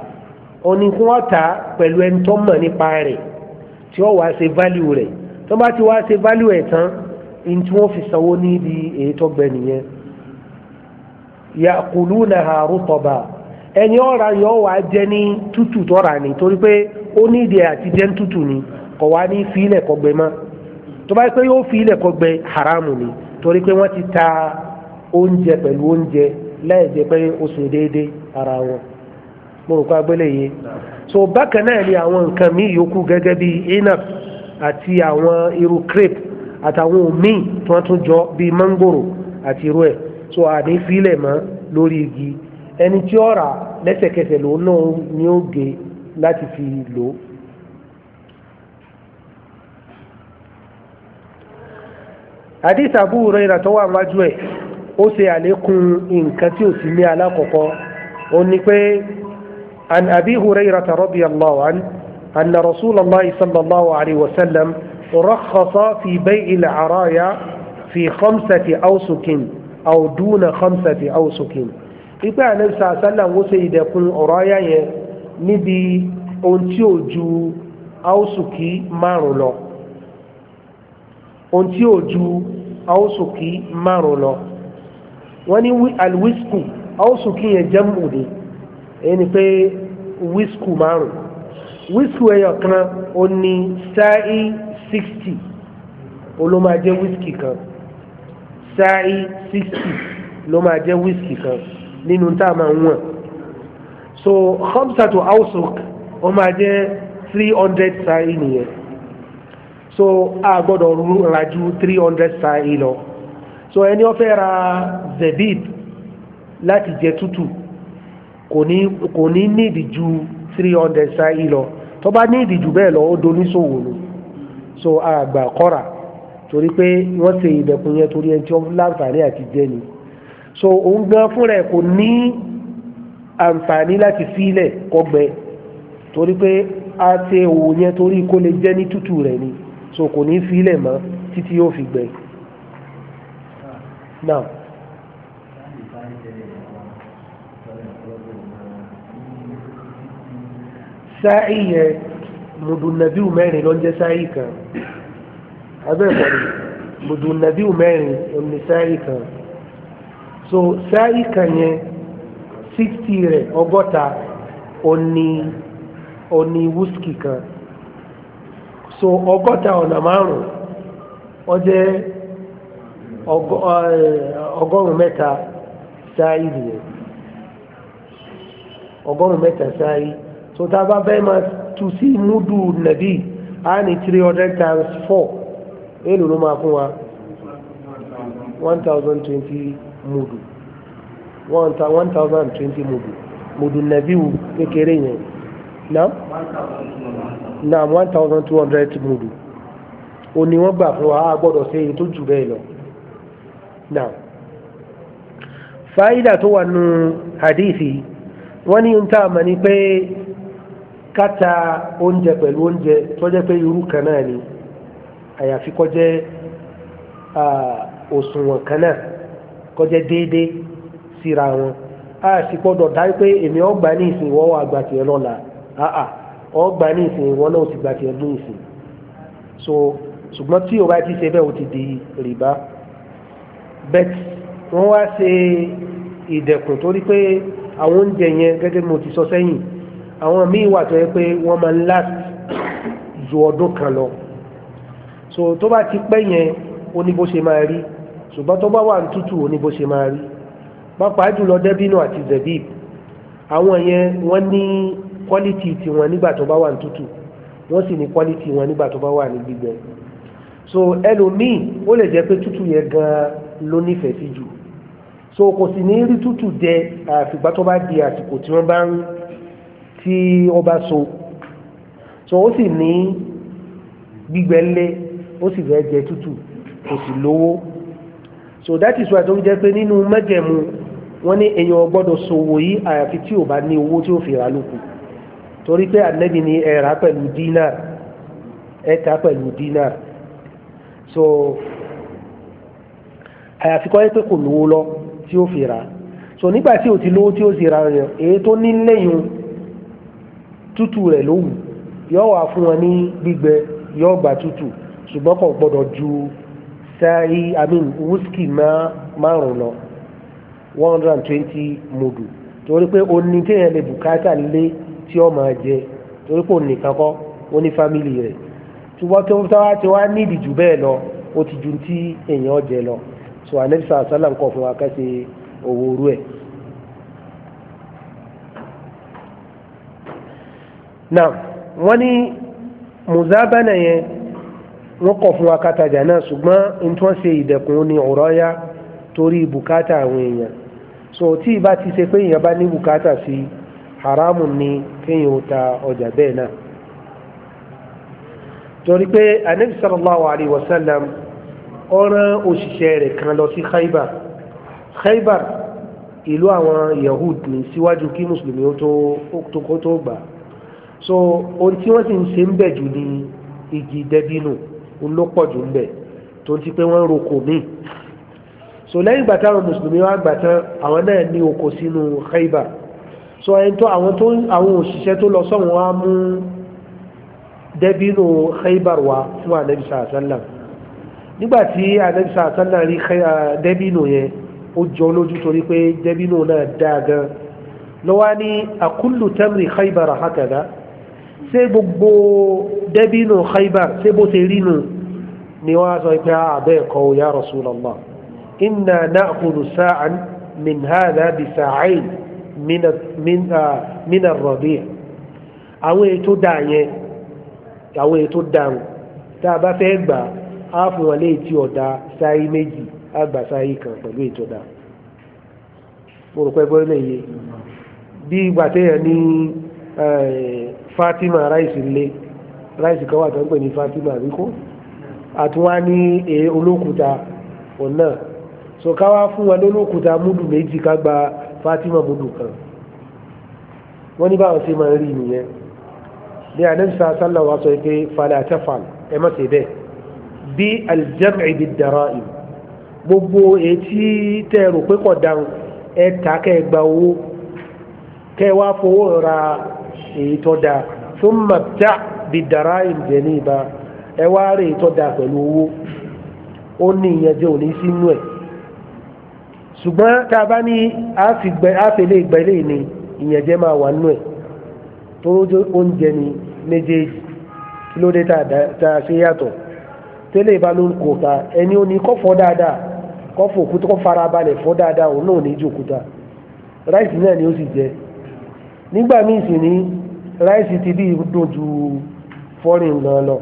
òní kí wọ́n ta pẹ̀lú ẹni tó mọ̀ nípa rẹ̀ tí wọ́n wá ṣe fáliwù rẹ̀ tó bá ti wá ṣe fáliwù ẹ̀ tán. ntí wọ́n fi sanwó níbi èyí tó gbẹ nìyẹn yaqulunaha rutaba ẹni ọ̀ra yọ wà jẹ ní tutu tọ́ra ni torí pé ó ní ìdí àti jẹ́ ní ni ní fílẹ̀ kọgbẹ mọ́ tó bá pé yóò fílẹ̀ kọgbẹ haramu ni torí pé ti ta oúnjẹ oúnjẹ láì pé ó déédéé ara wọn mo so bákan náà ni àwọn nǹkan yòókù àtàwọn míì tí wọ́n tún jọ bíi mángòrò àti irú ẹ̀ so àní fílẹ̀ mọ́ lórí igi ẹni tí ó rà lẹ́sẹ̀kẹsẹ̀ lòun náà ni ó gé láti fi lò ó. hadith abu huraira tó wà wájú ẹ̀ ó ṣe àlékún nǹkan tí ò sí ní alákọ̀ọ́kọ́ ó ní pé an abi huraira Allah an anna rasulallah sallallahu alayhi wa رخص في بيع العرايا في خمسة أوسك أو دون خمسة أوسك ipe anabi sa sallam wo ṣe ìdẹ̀kùn ọ̀rọ̀ aya yẹn níbi ohun tí ò ju ausuki márùn lọ ohun tí ò ju ausuki márùn lọ wọ́n ní alwisku ausuki yẹn jẹ́ mùdí èyí ni pé wisku márùn wisku ẹyọ kan ó ní sáì sixty Olo máa jẹ́ wíṣkì kan sáì sixty ló máa jẹ́ wíṣkì kan nínú tá a máa ń wọ̀n so khamsatu awsuk ó máa jẹ́ three hundred sáì nìyẹn so a gbọ́dọ̀ ra ju three hundred sáì lọ so ẹni ó fẹ́ ra zebib láti jẹ tútù kò ní nídìí ju three hundred sáì lọ tó bá nídìí jù bẹ́ẹ̀ lọ ó doníṣòwò lò so àgbà kọ́ra torí pé wọ́n ṣe ìdẹ̀kùn yẹn torí ẹni tí wọ́n láǹfààní àti jẹ ni so òun gan fúnra ẹ̀ kò ní àǹfààní láti sílẹ̀ kọgbẹ torí pé a ṣe òwò yẹn torí kó lè jẹ́ ní tútù rẹ̀ ni so kò ní sílẹ̀ mọ́ títí yóò fi gbẹ. now sáà yẹn mùdùnàbíù mẹ́rin ló ń jẹ́ sáyì kan abẹ́ẹ̀kọ́ ni mùdùnàbíù mẹ́rin ló sáyì kan so sáyì kan yẹn sixty rẹ̀ ọgọ́ta oni oni wúskì kan so ọgọ́ta ọ̀nà márùn-ún ó jẹ́ eh, ọgọ́rùn-ún mẹ́ta sáyì nìyẹn ọgọ́rùn-ún sáyì so tá a bá fẹ́ máa tu sí múdù nàbí a ní three hundred times four èlò ló máa fún wa one thousand twenty múdù one thousand twenty múdù múdù nàbí wù kékeré yẹn naam naam one thousand two hundred múdù o ni gbà fún wa a gbọ́dọ̀ ṣe èyí tó jù bẹ́ẹ̀ lọ naam fáyidà tó wà nù hadithi wọ́n ní ń tà mà ní pé. Kata oúnjẹ pẹ̀lú oúnjẹ tó jẹ́ pé irú kan náà ni àyàfi kó jẹ́ òṣùwọ̀n kan náà kó jẹ́ síra wọn a sì gbọ́dọ̀ dá pé èmi ọgbà ní ìsìn ìwọ wà gbà tiẹ̀ lọ́la àà ọgbà ní ìsìn ìwọ náà ó ti gbà tiẹ̀ ní ìsìn so ṣùgbọ́n tí o bá ti ṣe bẹ́ẹ̀ o ti di rìbá bẹ́ẹ̀ wọ́n wá ṣe ìdẹ̀kùn torí pé àwọn oúnjẹ yẹn gẹ́gẹ́ bí mo ti sọ sẹ́yìn àwọn míì wà tó yẹ pé wọ́n máa ń last ju ọdún kan lọ so tó bá ti pẹ́ yẹn ó ní bó ṣe máa rí ṣùgbọ́n tó bá wà ní tútù ó ní bó ṣe máa rí pàápàá jùlọ dẹ́bínú àti zebib àwọn yẹn wọ́n ní quality tiwọn nígbà tó bá wà ní tútù wọ́n sì ní quality wọn nígbà tó bá wà ní gbígbẹ so ẹlòmíì ó lè jẹ́ pé tútù yẹn gan-an ló nífẹ̀ẹ́ sí jù so kò sì ní rí tútù jẹ àfìgbà tó bá di àsìkò tí wọ́n bá ń tí ó so so ó sì ní gbígbẹ lé ó sì fẹ́ jẹ tútù kò sì lówó so that is why tó ń jẹ́ pé nínú mẹ́jẹ̀mú wọ́n ní èèyàn gbọ́dọ̀ ṣòwò yìí àyàfi tí ò bá ní owó tí ó fi rà lóko torí pé ànẹ́bí ni ẹ rà pẹ̀lú dinar ẹ pẹ̀lú dinar so àyàfi kọ́ ẹ pé kò lówó lọ tí ó fi rà so nígbà tí ò ti lówó tí ó sì rà yẹn èyí tó ní lẹ́yìn tútù rẹ̀ ló wù yóò wà fún wọn ní gbígbẹ yóò gbà tútù ṣùgbọ́n kò gbọ́dọ̀ ju sáyé amin wúskì márùn lọ one hundred and twenty mudu torí pé oní téèyàn lè bùkátà lé tí ó máa jẹ torí pé òun nìkan kọ́ ó ní fámìlì rẹ̀ ṣùgbọ́n tó táwa ti wá nídìí jù bẹ́ẹ̀ lọ ó ti ju ti èèyàn jẹ lọ so anabi sàlám kọ fún wa ká owó orú ẹ̀. náà wọ́n ní mùsàbánà yẹn wọ́n kọ̀ fún akátàjà náà ṣùgbọ́n n ìdẹ̀kùn ní ọ̀rọ̀ yá torí bùkátà àwọn èèyàn so tí ìbá ti ṣe pé èèyàn bá ní bùkátà sí haramu ni kéèyàn ó ta ọjà bẹ́ẹ̀ náà torí pé anabi sallallahu alayhi wa sallam ó rán òṣìṣẹ́ rẹ̀ kan lọ sí khaibar khaibar ìlú àwọn yahud ní síwájú kí mùsùlùmí ó tó gbà á so ohun tí wọ́n sì ń ṣe ń bẹ̀ jù ní igi dẹ́bínú ló pọ̀ jù ń bẹ̀ tó ti pé wọ́n ń roko míì so lẹ́yìn ìgbà táwọn mùsùlùmí wá gbà tán àwọn náà ní oko sínú Khaybar so ẹni tó àwọn tó àwọn òṣìṣẹ́ tó lọ sọ́wọ́n wá mú dẹ́bínú Khaybar wá fún Ànábì sàásánlá nígbà tí Ànábì sàásánlá rí dẹ́bínú yẹn ó jọ lójú torí pé dẹ́bínú náà dáa gan lọ́wọ́ ní àkúlù tamri Khaybar hakada ṣé gbogbo dẹ́bínú khaybar ṣé bó ṣe rí nu ni wọ́n á sọ pé àbẹ́ ah, ẹ̀kọ́ ya rasulallah inna na'khudhu sa'an min hadha bi sa'ain ah, min ar-rabi' àwọn èyí tó dáa yẹn àwọn èyí tó tá a bá fẹ́ gbà á fún wọn léyìí tí sáyé méjì á gbà sáyé kan pẹ̀lú ètò dáa mo rò pé bọ́ọ̀lù yìí bí ìgbà téèyàn ní eh, Fatima rice le rice kan wà tó ń pè ní Fatima àbíkó àtúwá ní èyí e, olókùúta ọ̀nà so ká wá fún wa lólókùúta múdù méjì ká gba Fatima múdù kan wọ́n ní báwọn ṣe máa ń rí nìyẹn bí anamsa sallah wa sọ pé fàlẹ́ àtẹ́fà ẹ má ṣe bẹ́ẹ̀ bí aljam'i bid dara'im gbogbo èyí tí tẹ́ rò pé kọ̀ dáhùn ẹ ta kẹ́ gba owó kẹ́ wá fowó ra èyí tó dáa thumma bta' bid-darahim janiba ẹ wá rè tó dáa pẹ̀lú owó ó ní ìyẹn jẹ́ òní sínú ẹ̀ ṣùgbọ́n tá a bá ní àfẹ́lẹ́ ìgbẹ́lẹ́ ni ìyẹn jẹ́ máa wà nínú ẹ̀ tó oúnjẹ ni méjèèjì kí ló dé tá a ṣe yàtọ̀ tẹ́lẹ̀ ìbá ló ń kó ta ẹni ó ní kó dáadáa kó fọ̀ òkúta fara balẹ̀ fọ̀ dáadáa òun náà ní ìjòkúta ráìsì náà ni ó sì jẹ́ nígbà míì sì ní ráìsì ti bí dùn ju fọ́rìn lọ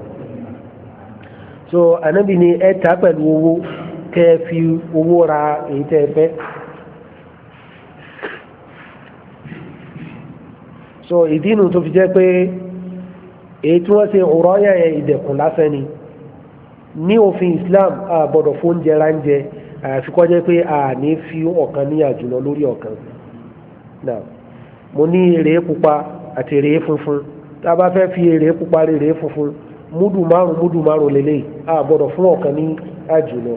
so ànábì ni ẹ ta pẹ̀lú owó tẹ́ fi owó ra èyí tẹ́ fẹ́. so ìdínú tó fi jẹ́ pé èyí tí wọ́n ṣe ọ̀rọ̀ yẹn ìdẹ̀kùn lásán ni ní òfin Islam àbọ̀dọ̀ fóúnjẹ ránjẹ àfikọ́ jẹ́ pé a ní fi ọ̀kan níyà jùlọ lórí ọ̀kan náà. mo ní èrè pupa àti èrè funfun tá a bá fẹ́ fi èrè pupa rí èrè funfun múdù márùn múdù márùn lélẹ́yìí a gbọ́dọ̀ fún ọ̀kan ní àjùlọ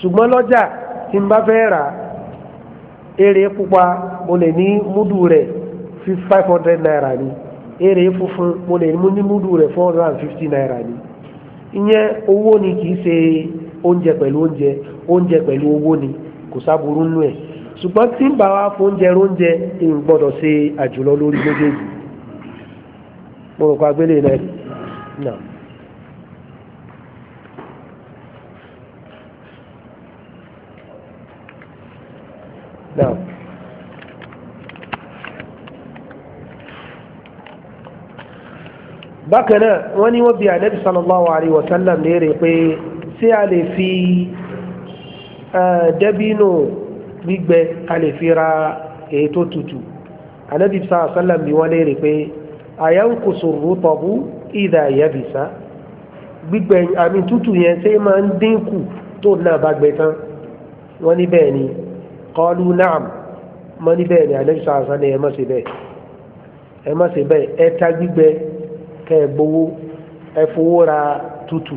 ṣùgbọ́n lọ́jà tí n bá fẹ́ rà èrè pupa mo lè ní múdù rẹ̀ five hundred naira ni èrè funfun mo lè ní múdù rẹ̀ four hundred and fifty naira ni ìyẹn owó ni kì í ṣe oúnjẹ pẹ̀lú oúnjẹ oúnjẹ pẹ̀lú owó ni kò sábúrú nù ẹ̀ ṣùgbọ́n tí ń bá wa fóúnjẹ róúnjẹ ń gbọ́dọ̀ ṣe àjùlọ lórí méjèèjì mo rò pa gbélé rẹ nà. Now. bákan náà wọ́n ní wọ́n bi ànábì sallallahu alayhi wa sallam léèrè pé ṣé a lè fi dẹ́bínú gbígbẹ a lè fi ra èyí tó tutù anabi sá sálàm ni wọ́n léèrè pé àyànkùsù rútọ̀bù ìdá yabisa gbígbẹ àmì tutù yẹn ṣé máa ń dínkù tó náà bá gbẹ tán wọ́n ní bẹ́ẹ̀ ni kọlu naam wọ́n ní bẹ́ẹ̀ ni anabi sálàm ẹ má ṣe bẹ́ẹ̀ ẹ má ṣe bẹ́ẹ̀ ẹ ta gbígbẹ kẹ́ ẹ gbowó ẹ fowó ra tutù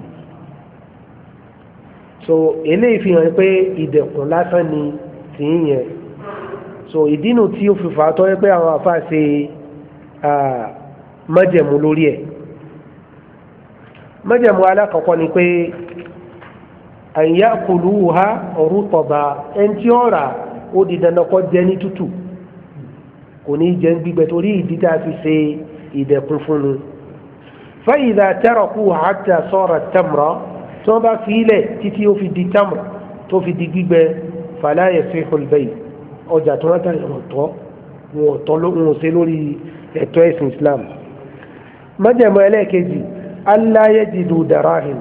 so eléyìí fi hàn pé ìdẹ̀kùn lásán ni ẹ̀sìn yẹn so ìdínú tí ó fi fà á tọ́ yẹ pé àwọn àfa ṣe májẹ̀mú lórí ẹ̀ májẹ̀mú alákọ̀ọ́kọ́ ni pé àyà kùlù ha ọ̀rú tọ̀ba ẹni tí ó rà ó di dandan kó jẹ́ ní tútù kò ní jẹ́ gbígbẹ torí ìdí tá a fi ṣe ìdẹ̀kùn fún un fẹ́yìdà tẹ́rọ̀kù àti àsọ̀rọ̀ tẹ̀mùrọ̀ tí wọ́n bá fi ilẹ̀ títí ó fi di tẹ̀mùrọ̀ tó fi di gbígbẹ fàlàyé sí holbein ọjà tó rántà ìrọ̀tọ́ wọn ọ̀tọ́ wọn ṣe lórí ẹ̀tọ́ ẹ̀sìn islam májẹ̀mọ́ ẹlẹ́ẹ̀kejì aláyé jìdù darahim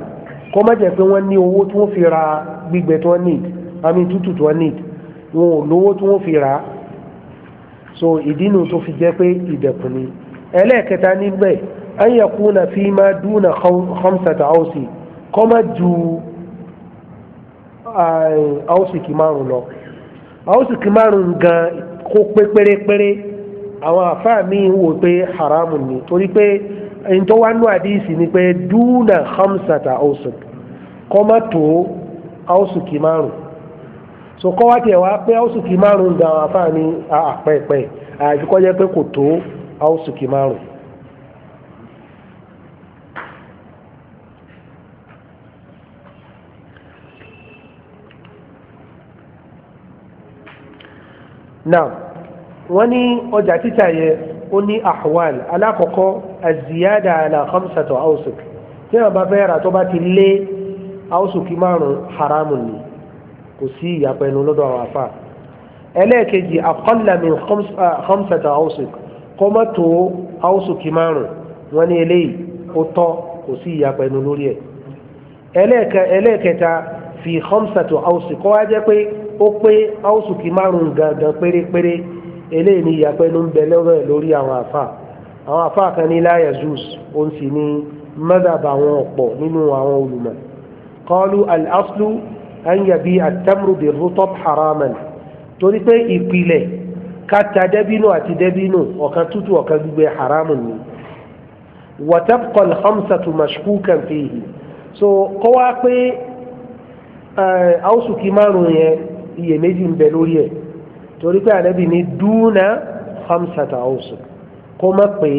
kó má jẹ́ pé wọ́n ní owó tí wọ́n fi ra gbígbẹ tí wọ́n need àmì tútù tí wọ́n need wọn ò lówó tí wọ́n fi ra so ìdínú tó fi jẹ́ pé ìdẹ̀kùn ni ẹlẹ́ẹ̀kẹta níbẹ̀ an yakuna fi ma dúnà khamsata awsi kó má ju àwòsìkì márùn lọ àwòsìkì márùn gan kó pé pérépéré àwọn àfáà míì wò pé haramu ni torí pé ẹni tó wá nú àdíìsì ni pé dúnà hamsata àwòsìkì kọ́má tó àwòsìkì márùn so kọ́ wá tiẹ̀ wá pé àwòsìkì márùn gan àfáà ní àpẹẹpẹ ah, ah, àyàfi kọ́ jẹ́ pé kò tó àwòsìkì márùn. now wọ́n ní ọjà títà yẹ ó ní ahwal alákọ̀ọ́kọ́ aziyada ala khamsatu awsuk tí wọ́n bá fẹ́ rà tó bá ti lé awsuk márùn-ún haramu ni kò sí ìyàpẹ̀nu lọ́dọ̀ àwọn afa ẹlẹ́ẹ̀kejì aqalla min ah, khamsatu awsuk kọ́mọ́ tó awsuk márùn-ún wọ́n ní eléyìí ó tọ́ kò sí ìyàpẹ̀nu lórí ẹ̀ ẹlẹ́ẹ̀kẹta fi khamsatu awsuk kọ́ wá jẹ́ pé ó pé áwùsùkì márùn gangan pérépéré eléyìí ni ìyàpẹ́ ló ń bẹ lọ́rọ̀ ẹ̀ lórí àwọn àfà àwọn àfà kan ní láyà zeus òun sì ní mẹ́dàbà àwọn ọ̀pọ̀ nínú àwọn olùmọ̀ kọlu al-aslu anyabi atamru bi rutob haraman torí pé ìpìlẹ̀ kata dẹ́bínú àti dẹ́bínú ọ̀kan tútù ọ̀kan gbígbẹ haramun ni wàtẹ́pọ̀ al-khamsatu mashkukan fihi so kọ́wá pé àwùsùkì márùn yẹn iyèméjì ń bẹ lórí ẹ̀ torí pé ànábì ní dúnà hamsata ọ̀sù kó má pé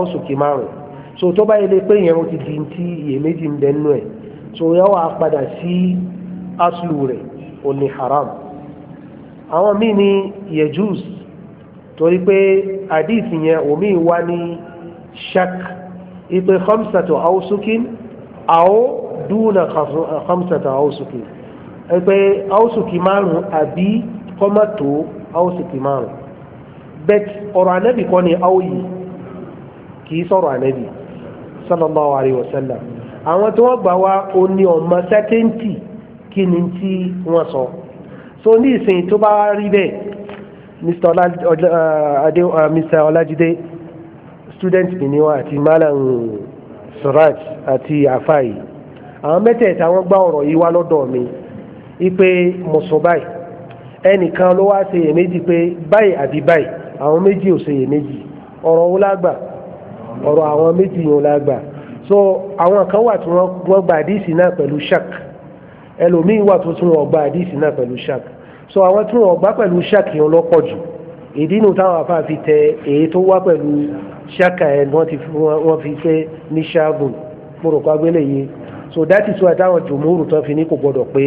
ọ̀sù kì márùn so tó bá ilé pé yẹn ti di ti iyèméjì ń bẹ nínú ẹ̀ so yẹn wà padà sí aslu rẹ̀ ò haram àwọn míì ní yejus torí pé hadith yẹn omi wá ní shak ipe hamsata ọ̀sùkin àó dúnà hamsata ọ̀sùkin pé haúsùkì márùn àbí kọ́mọ̀tò haúsùkì márùn bẹ́ẹ̀ ọ̀rọ̀ ànábì kọ́ ni haúyì kì í sọ̀rọ̀ ànábì sallallahu alayhi wa sallam àwọn tí wọ́n gbà wá o ní ọmọ sẹ́tẹ́ǹtì kí ni tí wọ́n sọ so ní ìsìn tó bá rí bẹ́ẹ̀ mr uh, ọlájídé student mi ni wọn àti malam suraj àti afai, àwọn mẹ́tẹ̀ẹ̀ta wọ́n gbà ọ̀rọ̀ yìí wá lọ́dọ̀ mi ipe mọ̀sọ̀ báyìí ẹnìkan ló wá ṣe èméjì pé báyìí àbí báyìí àwọn méjì ò ṣe èméjì ọ̀rọ̀ wo lágbà ọ̀rọ̀ àwọn méjì yẹn lágbà so àwọn kan wà tí wọ́n gba àdìsí náà pẹ̀lú shak ẹlòmíì wà tó tún wọ́n gba àdìsí náà pẹ̀lú shak so àwọn tí wọ́n gbà pẹ̀lú shak yẹn lọ́pọ̀ jù ìdí inú táwọn afa fi tẹ èyí tó wá pẹ̀lú shak ẹ̀ wọ́n fi pé ní ṣáàbùn mo rò pa gbélé yìí so that is why táwọn jòmóòrù tán fi ní kò gbọdọ̀ pé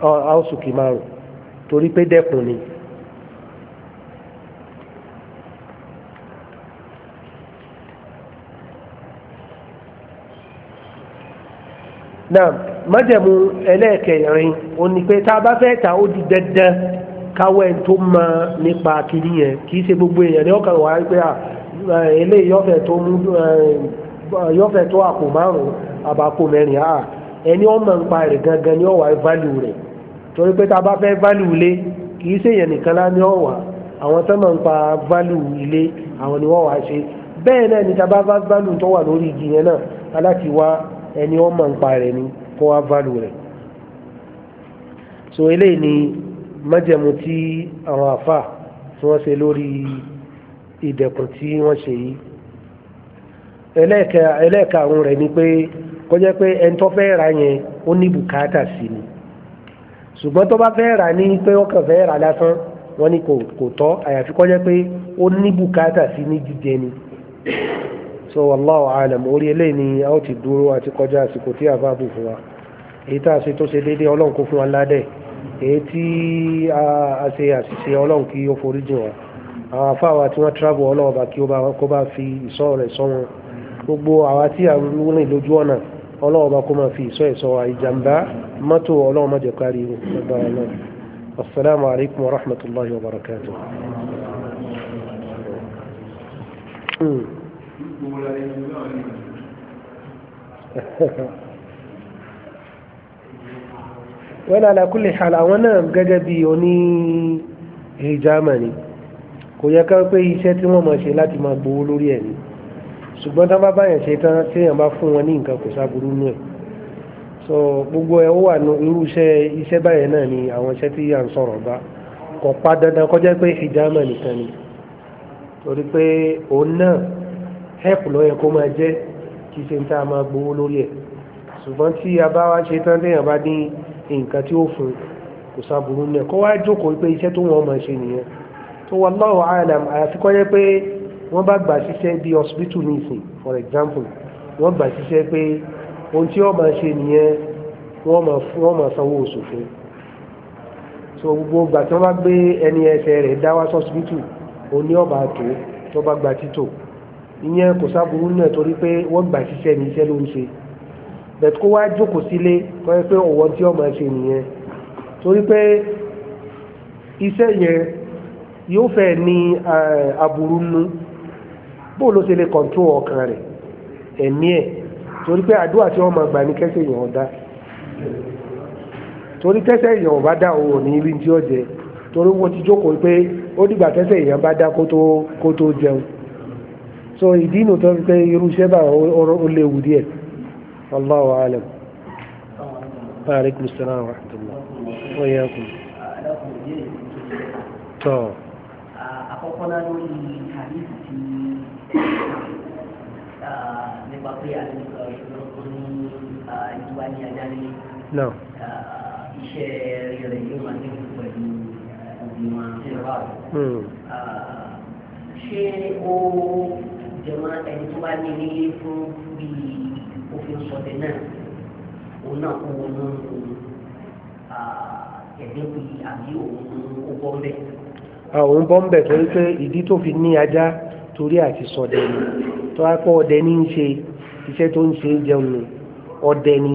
áùsùkì márùn torí pé dẹ́kun ni. náà májẹ̀mú ẹlẹ́ẹ̀kẹrin ó ní pé tá a bá fẹ́ ta ó di dandan káwọ́ ẹni tó mọ nípa kiri yẹn kì í ṣe gbogbo èèyàn ní ọkàn wá pé eléyìí yọ̀fẹ̀ tó àpò márùn-ún àbápò mẹ́rin áà ẹni ọmọ ń pa rẹ̀ gangan ni ó wà value rẹ̀ torí pé tá a bá fẹ́ value ilé kì í ṣèyàn nìkan lá ní ó wà àwọn tó máa ń pa ilé àwọn ni wọ́n wà ṣe bẹ́ẹ̀ náà ni tá a bá bá value tó wà lórí igi yẹn náà aláti wá ẹni ọmọ ń pa ni kó wá value rẹ̀ so eléyìí ni májẹ̀mú tí àwọn àfà tí wọ́n ṣe lórí ìdẹ̀kùn tí wọ́n ṣe yìí ẹlẹ́ẹ̀ka àwọn rẹ̀ ni pé kó jẹ́ pé ẹni tó fẹ́ rà yẹn ó ní bùkátà sí ni ṣùgbọ́n tó bá fẹ́ rà ní pé ó fẹ́ rà lásán wọ́n ní kò tọ́ àyàfi kó pé ó ní bùkátà sí ní jíjẹ ni so wallahu alam orí eléyìí ni a ó ti dúró àti kọjá àsìkò tí a bá bù fún wa èyí tá a ṣe tó ṣe déédéé ọlọ́run kó fún wa ládẹ̀ èyí tí a ṣe àṣìṣe ọlọ́run kí ó forí jìn wá àwọn afáwa tí wọ́n travel ọlọ́run bá kí ó bá fi ìṣọ́ rẹ̀ sọ gbogbo àwa tí a rìn lójú ọ̀nà ọlọ́wọ́ bá kó máa fi ìsọ ìsọ ìjàmbá mọ́tò ọlọ́wọ́ má jẹ́ kárí agbára náà assalamu alaikum wa rahmatullahi wa barakatuh. Hmm. wọ́n ala kulli hal àwọn náà gẹ́gẹ́ bí oní hijama ni kò yẹ ká pé iṣẹ́ tí wọ́n máa ṣe láti máa gbowó lórí ẹ̀ ni ṣùgbọ́n tá bá báyàn ṣe tán téèyàn bá fún wọn ní nǹkan kò sáburú nù ẹ̀ so gbogbo ẹ̀ ó wà ní irú iṣẹ́ iṣẹ́ báyẹn náà ni àwọn iṣẹ́ tí à ń sọ̀rọ̀ bá kò pa dandan kọjá pé ìjàmà nìkan ni torí pé òun náà help lọ́yẹ kó máa jẹ́ kí ṣe ń tá a máa gbowó lórí ẹ̀ ṣùgbọ́n tí a bá wá ṣe tán téèyàn bá ní nǹkan tí ó fún kò sáburú nù ẹ̀ kó wá jókòó pé iṣẹ́ tó wọ́n máa ṣe nìyẹn tó wallahu alam wọ́n bá gbà ṣiṣẹ́ bí hospital nursing. for example wọ́n gbà ṣiṣẹ́ pé ohun tí wọ́n máa ṣe nìyẹn wọ́n máa sanwó oṣù fún so gbogbo ìgbà tí wọ́n bá gbé ẹni ẹsẹ̀ rẹ̀ dá hospital òní ọba tó tó bá gba títò ìyẹn kò sábúrú náà torí pé wọ́n gbà ṣiṣẹ́ ní iṣẹ́ ló ń ṣe bẹ̀tù kó wá jókòó sílé kọ́ ẹ pé ọ̀wọ́ tí wọ́n máa ṣe nìyẹn torí pé iṣẹ́ yẹn yóò fẹ́ ní eh, aburú nú bó ló ṣe lè kọ̀ǹtró ọkàn rẹ̀ ẹ̀mí ẹ̀ torí pé àdúrà tí wọ́n máa gbà ní kẹ́sẹ̀ èèyàn dá torí kẹ́sẹ̀ èèyàn bá dá òun ò ní rí tí ó jẹ torí wọ́n ti jókòó pé ó dìgbà kẹ́sẹ̀ èèyàn bá dá kó tó jẹun so ìdí inú tó fi pé irú iṣẹ́ bá ó léwu díẹ̀ Allahu alam aleykum salaam wa rahmatulah wa yakum. àkọ́kọ́ náà lórí nípa pé àti ìjọba ní adarí iṣẹ́ rẹ̀ yóò máa ní pẹ̀lú òbí wọn sí ọ̀rọ̀ ṣé ó jẹmọ́ ẹni tó bá ní nílé fún bí òfin sọdẹ náà òun náà kó wọn mú ẹ̀dínkù àbí òun ó bọ́ ń bẹ̀. àwọn ń bọ́ ń bẹ̀ torí pé ìdí tó fi ní ajá torí àti sọdẹ ni tó á pọ̀ ọdẹ ní í ṣe iṣẹ́ tó ń ṣe é jẹun ni ọdẹ ni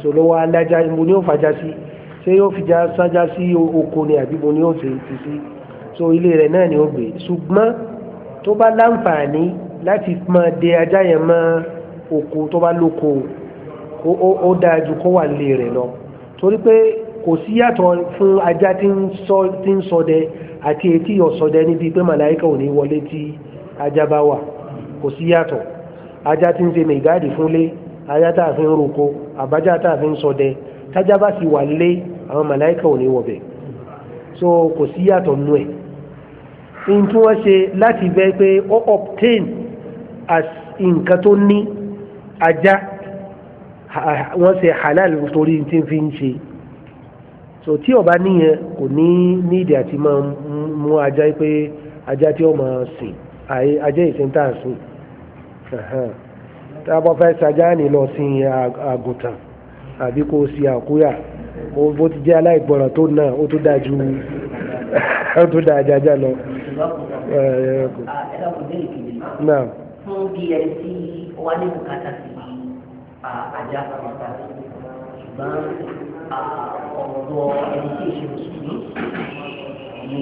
tó lọ́wọ́ alájá mo ní ó fàjá sí ṣé yóò fi sájá sí oko ni àbí mo ní ó ṣe ti sí so ilé rẹ̀ náà ni ó gbé ṣùgbọ́n tó bá láǹfààní láti máa de ajá yẹn mọ́ oko tó bá lóko ó dáa ju kó wà lé rẹ̀ lọ torí pé kò sí yàtọ̀ fún ajá tí ń ṣọdẹ àti etí ọ̀ṣọdẹ níbi pé màláìkà ò ní wọlé tí ajá bá wà kò sí yàtọ̀ ajá tí ń ṣe mẹgáàdì fúnlé ajá tá a fi ń roko àbájá tá a fi ń ṣọdẹ tájá bá sì wà lé àwọn màláìkà ò ní wọ̀bẹ̀ so kò sí yàtọ̀ nú ẹ̀ n tí wọ́n ṣe láti bẹ́ pé ó obtain as nǹkan tó ní ajá wọ́n ṣe halal torí tí ń fi ń ṣe so tí ọba níyẹn kò ní nídìí àti máa mú ajá pé ajá tí ó máa sìn ajá ìsìn tá a sìn tá a bá fẹ́ sàjáàní lọ sin àgùntàn àbí kó o sin àkúyà bó ti jẹ́ aláìgbọràn tó náà ó tó dájú ó tó dáa jájá lọ. náà. fún bí ẹni tí wà ní bùkátà sí ajá ṣùgbọ́n ọ̀dọ̀ ẹni tí èṣù ní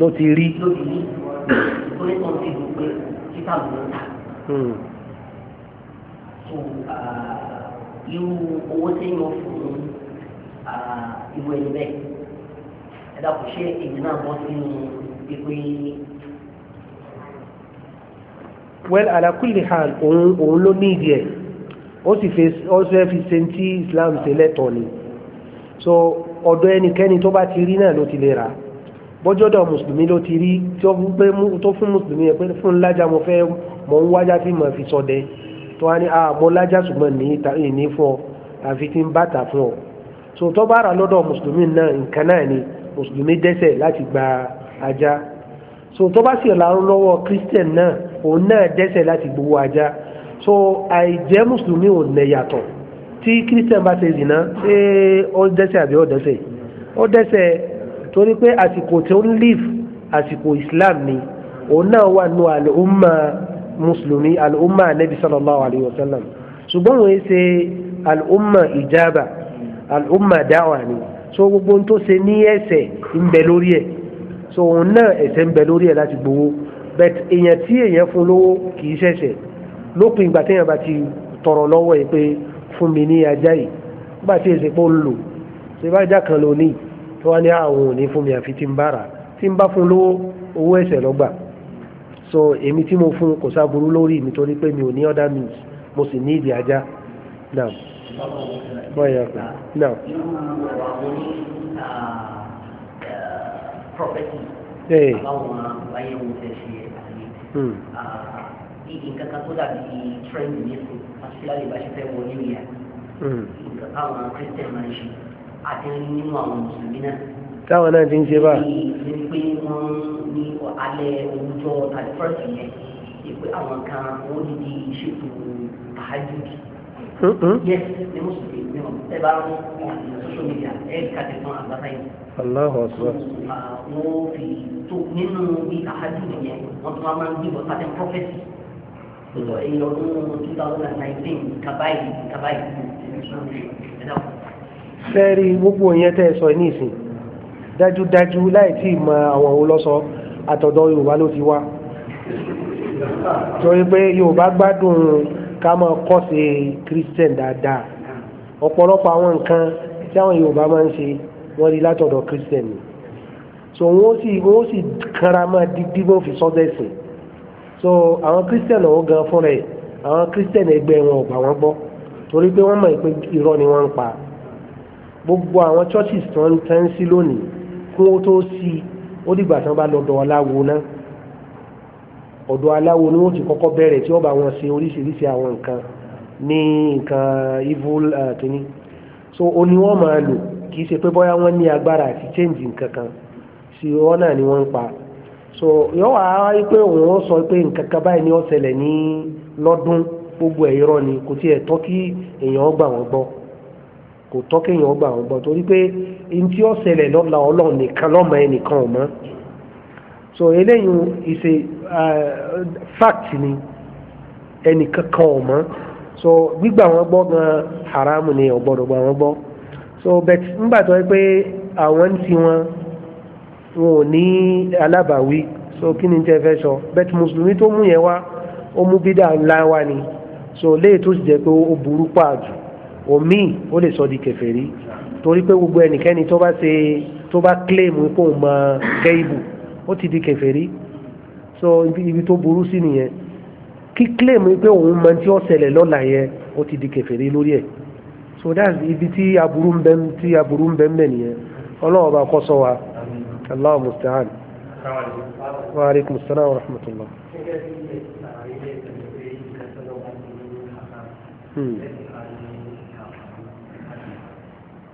ló ti rí títà ló ń ta. Hmm. so uh, irú owó téèyàn fún uh, irú ẹni bẹ́ẹ̀ ẹ dàpọ̀ ṣé èyí náà bọ́ sínú pípé. well ala kulli hal òun òun ló ní ìdí ẹ̀ ó sì fẹ́ fi ṣe Islam ṣe lẹ́tọ̀ọ́ ni so ọ̀dọ̀ ẹnikẹ́ni tó bá ti rí náà ló ti lè rà á bọ́jọ́dọ̀ mùsùlùmí ló ti rí tó fún mùsùlùmí yẹn pé fún lájà mo fẹ́ mọ̀ ń wájá tí mo fi sọdẹ tó wá ní a ah, mo lájà ṣùgbọ́n ní fún ọ àfi tí ń bàtà fún ọ so tó bá rà lọ́dọ̀ mùsùlùmí náà nǹkan náà ni mùsùlùmí dẹ́sẹ̀ láti gba ajá so tó bá sì rà lọ́wọ́ christian náà òun náà dẹ́sẹ̀ láti gbowó ajá so àìjẹ́ mùsùlùmí ò nẹ̀ yàtọ̀ tí christian bá ṣe zìnà ṣé ó dẹ́sẹ̀ àbí ó dẹ́sẹ̀ ó dẹ́sẹ̀ torí pé àsìkò tí ó ń live àsìkò islam ni òun náà wà nù àlùmà mùsùlùmí àlùmà anabi sallallahu alayhi wa sallam ṣùgbọ́n wọ́n ṣe àlùmà ìjábà àlùmà dáwà ni so gbogbo tó ṣe ní ẹ̀ṣẹ̀ ń bẹ lórí ẹ̀ so òun náà ẹ̀ṣẹ̀ ń bẹ lórí ẹ̀ láti gbowó bẹ́t èèyàn tí èèyàn fún lówó kì í ṣẹ̀ṣẹ̀ lópin ìgbà téèyàn bá ti tọrọ lọ́wọ́ ẹ̀ pé fún mi ní ajá yìí nígbà tí èsì pé ó ń lò ṣe bá ajá kan lò tó wá ní àwọn ah, òní fún mi àfi tí ń bára tí ń bá fún lówó owó ẹ̀sẹ̀ lọ́gbà so èmi tí mo fún kò sáburú lórí mi torí pé mi ò ní other means mo sì ní ìdí ajá náà bọ́yọ̀ pé náà. Nǹkan kan tó dàbí trend nísìn, particularly bá ṣe fẹ́ wọ New Year. Nǹkan káwọn Christian máa ń ṣe àti nínú àwọn mùsùlùmí náà. táwọn náà ti ń ṣe bá. ní pé wọ́n ní alẹ́ òwúrọ̀ àdìfọ́sì yẹn ìpè àwọn kan wọ́n ti di ìṣètò àhájúdì. yes ní mùsùlùmí ní wọn ẹ bá wọn social media ẹ kàtẹ́ fún àgbàtà yìí. Allahu akbar. Wọ́n fi tó nínú bí àhájúdì yẹn wọ́n tún wá máa ń gbìbọn pàtẹ́ prọfẹ̀tì ìlọ two thousand and nineteen kàbáyìí kàbáyìí sẹ́ẹ̀rí gbogbo yẹn tẹ́ ẹ sọ ní ìsìn dájúdájú láì tí ì mọ àwọn òun lọ́sọ àtọ̀dọ̀ yorùbá ló ti wá torí pé yorùbá gbádùn ká máa kọ́ christian dáadáa ọ̀pọ̀lọpọ̀ àwọn nǹkan tí àwọn yorùbá máa ń ṣe wọ́n rí látọ̀dọ̀ christian ni so wọ́n sì wọ́n sì kára máa di dígbò fi sọ́dẹ̀sìn so àwọn christian ọ̀hún gan fúnra ẹ̀ àwọn christian ẹgbẹ́ wọn ò gbà wọ́n gbọ́ torí pé wọ́n mọ̀ pé irọ́ ni wọ́n ń pa gbogbo àwọn churches tó ń tẹ́ ń sí lónìí kún ó tó sí ó dìgbà tí wọ́n bá lọ́dọ̀ aláwo náà ọ̀dọ̀ aláwo ni wọ́n ti kọ́kọ́ bẹ̀rẹ̀ tí ó bá wọn ṣe oríṣiríṣi àwọn nǹkan ní nǹkan evil eh, kìíní so ó ní wọ́n máa lò kì í ṣe pé bóyá wọ́n ní agbára àti change nǹkan kan sí ọwọ́ náà ni wọ́n ń pa so yọ̀wọ̀ àwa yìí pé òun ó sọ pé nǹkan kan báyìí ni ó ṣẹlẹ̀ ní lọ́dún gbogbo ẹ̀yọ́rọ́ ni kò tiẹ̀ tọ́ kí èèyàn gbà wọ́n gbọ́. kò tọ́ kéèyàn ọgbà gbọ́ torí pé n tí ó ṣẹlẹ̀ lọ́la ọlọ́run nìkan lọ́mọ ẹnìkan ò so eléyìí ìṣe uh, fact ni ẹnìkan kan ò so gbígbà wọn gbọ́ gan haram ni ọ̀gbọ́dọ̀ gbà wọn gbọ́ so bẹ́ẹ̀ nígbà tó yẹ pé àwọn ń ti wọn wọn ò so kí ni jẹ́ fẹ́ sọ bẹ́ẹ̀ mùsùlùmí tó mú yẹn wá ó mú bídà ńlá ni so tó sì jẹ́ pé ó burú pààjù. omi ó lè sọ di kèfèrí torí pé gbogbo ẹnikẹ́ni tó bá ṣe tó bá claim kó o mọ gẹ́ìbù ó ti di kèfèrí so ibi tó burú sí nìyẹn kí claim pé òun mọ tí ó ṣẹlẹ̀ lọ́la yẹn ó ti di kèfèrí lórí ẹ̀ so that's ibi tí aburú ń bẹ tí aburú ń bẹ ń nìyẹn ọlọ́wọ́ bá kọ́ sọ wa allah musta'an wa aleykum salaam wa rahmatulah. Hmm.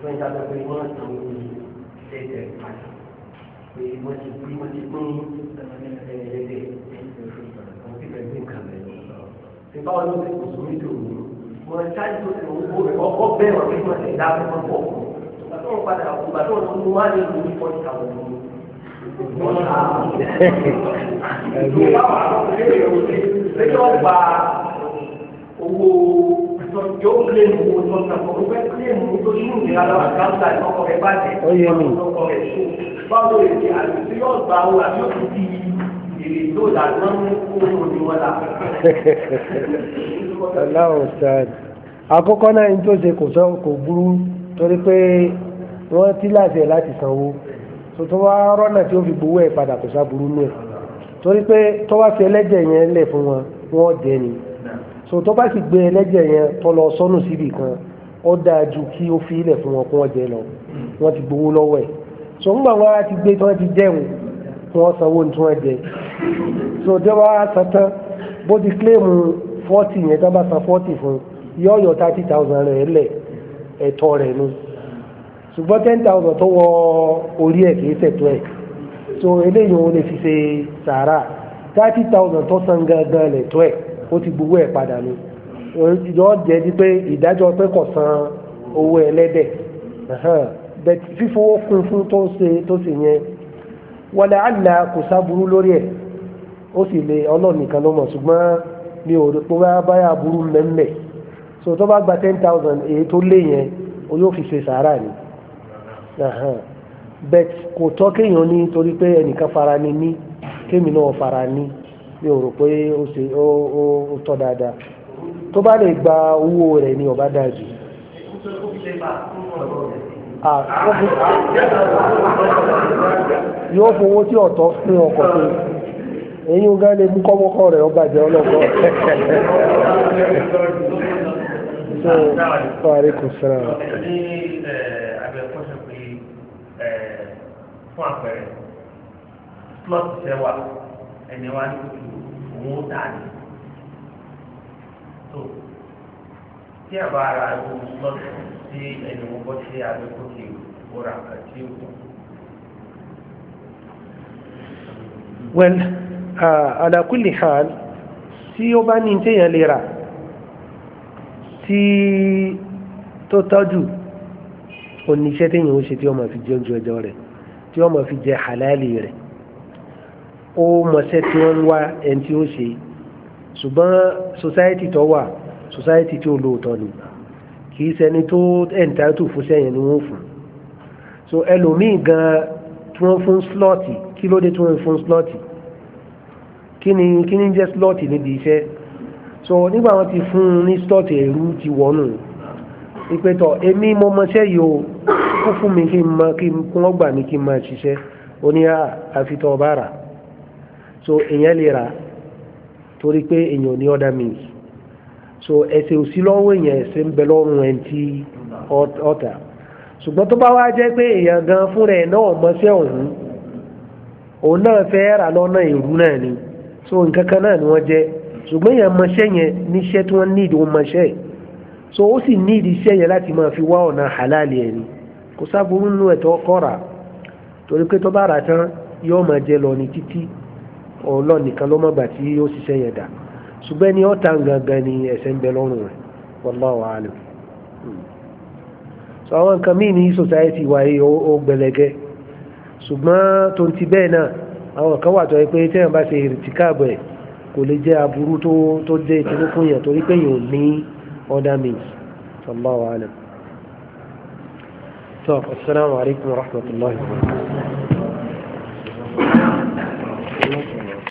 fún ìdájọ́ pé wọ́n ti ń wí lẹ́tẹ̀ padà pé wọ́n ti pín wọ́n ti pín lẹ́tẹ̀ wọ́n ti bẹ̀rẹ̀ pín kàmẹ́. ṣé báwo ló ti kùsùn mí dùn mí? mo ń ṣáájú tó ti wọ́n kó rẹ̀ ọkọ̀ bẹ́ẹ̀ wọ́n fi wọ́n ti dá fún ọkọ̀ ìgbà tó ń padà ìgbà tó ń mú wá ní ìlú ní fọ́ọ̀tì àwọn ọmọ mi. Ẹ̀gbọ́n. Ẹ̀gbọ́n. Ẹ̀gbọ́n. Ẹ̀gbọ́n yóò kílè mú owó tó ń ta kọ́ wípé kílè mú tó ṣì ń nira lọ́wọ́ àkáńtà ìkọ́kọ́ rẹ̀ bàjẹ́ ọkọ̀ rẹ̀ ṣó báwo lè ṣe àlùfí yóò gba owó àbí òkú ti èrè tó dà náà mú owó ni wọ́n là. aláwọ̀ sáà àkọ́kọ́ náà ní tó ṣe kò sọ kò burú torí pé wọ́n ti láṣẹ láti sanwó tuntun wá rọ́nà tí ó fi gbowó ẹ̀ padà kò sá burú nù ẹ̀ torí pé tọ́wá fi ẹlẹ́jẹ̀ yẹn lẹ̀ fún wọn wọ́n jẹ́ ni so tó bá sì gbé ẹlẹ́jẹ̀ yẹn tó lọ sọ́nù síbì kan ó dáa ju kí ó fi ilẹ̀ fún wọn kó wọn jẹ lọ wọn ti gbowó lọ́wọ́ ẹ̀ so ńgbà wọn ara ti gbé tí wọn ti jẹun kí wọn sanwó tí wọn jẹ so ìjọba ara san tán bó ti kílèmù fọ́tì yẹn tó bá san fọ́tì fún yọ̀ọ̀yọ̀ thirty thousand rẹ̀ lẹ̀ ẹ̀tọ́ rẹ̀ ni ṣùgbọ́n ten thousand tó wọ orí ẹ̀ kìí ṣẹ̀tọ́ ẹ̀ so eléyìí òun lè fi ṣe sàárà thirty thousand tó san gangan lẹ̀tọ́ ẹ̀ ó ti gbowó ẹ̀ padà ni yọ jẹ́ di pé ìdájọ́ pé kò san owó ẹlẹ́dẹ̀ bẹ́ẹ̀ fífowó kún fún tó ṣe tó ṣe yẹn wọlé àlà kò sáburú lórí ẹ̀ ó sì lè ọlọ́ọ̀nì kan ló mọ̀ ṣùgbọ́n mi ò rí pé wọ́n báyà burú mẹ́mẹ́ so tó bá gba ten thousand èyí tó lé yẹn o yóò fi ṣe sàárà ni bẹ́ẹ̀ kò tọ́ kéèyàn ní torí pé ẹnìkan fara ni mí kémi náà fara ni mi ò rò pé ó ṣe ó tọ́ dáadáa tó bá lè gba owó rẹ̀ ni ọba dáa jù. yóò fowó tí ọ̀tọ̀ pé ọkọ̀ pé èyí ń gán lè mú kọ́mọ́kọ́ rẹ̀ ọba jẹ́ ọlọ́kọ́. so fàárẹ̀ fún àpẹẹrẹ plọ́ọ̀tì fẹ́ wà ẹni wá tutù òun ó tà ní. tó tí ẹ bá ara ẹ̀rọ lọ́sọ̀ sí ẹni wọ́n bọ́ sí adókòkè òra àti òkú. well uh, ala kulli hal tí ó bá ní téèyàn lè rà tí tó tọ́jú oníṣẹ́ téèyàn ó ṣe tí ó máa fi jẹ oúnjẹ ọjọ́ rẹ̀ tí ó máa fi jẹ halali rẹ̀ ó mọṣẹ́ tí wọ́n ń wá ẹni tí ó ṣe ṣùgbọ́n society tó wà society tí ó lóòótọ́ ni kì í ṣẹni tó ẹ̀ǹtáìtò fúnṣẹ́ yẹn ni wọ́n fún so ẹlòmíì gan tí wọ́n fún slọ́ọ̀tì kí ló dé tí wọ́n fún slọ́ọ̀tì kí ni kí ni jẹ́ slọ́ọ̀tì níbi iṣẹ́ so nígbà wọn ti fún un ní slọ́ọ̀tì ẹ̀rú ti wọnú ìpè tọ̀ èmi mo mọṣẹ́ yìí o kó fún mi kí n mọ kí wọ́n gbà mí kí n máa ṣiṣẹ́ oníyà àfitọ́ bára so èèyàn lè rà torí pé èèyàn ò ní order means so ẹsẹ̀ òsì lọ́wọ́ èèyàn ẹsẹ̀ ń bẹ lọ́rùn ẹ̀ ti ọ̀tà ṣùgbọ́n tó bá wá jẹ́ pé èèyàn gan fúnra ẹ̀ náà mọ́ṣẹ́ òun òun náà fẹ́ rà lọ́nà ìrú náà ni so nǹkan kan náà ni wọ́n jẹ́ ṣùgbọ́n èèyàn mọ́ṣẹ́ yẹn níṣẹ́ tí wọ́n níìdì wọn mọ́ṣẹ́ so ó sì níìdì iṣẹ́ yẹn láti máa fi wá ọ̀nà halal ẹ̀ ni kò sáburú nínú ẹ̀tọ́ kọ́ra torí pé tó bá rà tán yóò máa jẹ lọ ní títí ọlọ́run nìkan ló mọ̀ gbà tí ó ṣiṣẹ́ yẹn dà ṣùgbọ́n ẹni ọ̀tá gangan ni ẹ̀ṣẹ̀ ń bẹ lọ́rùn rẹ̀ wallahu alim so àwọn nǹkan míì ní society wa yìí ó gbẹlẹgẹ ṣùgbọ́n tó ti bẹ́ẹ̀ náà àwọn kan wà tó yẹ pé tẹ́yàn bá ṣe ìrìtìkáàbọ̀ ẹ̀ kò lè jẹ́ aburú tó jẹ́ ìtìlú fún yàn torí pé yàn ní other means wallahu alim. طب السلام عليكم ورحمة الله وبركاته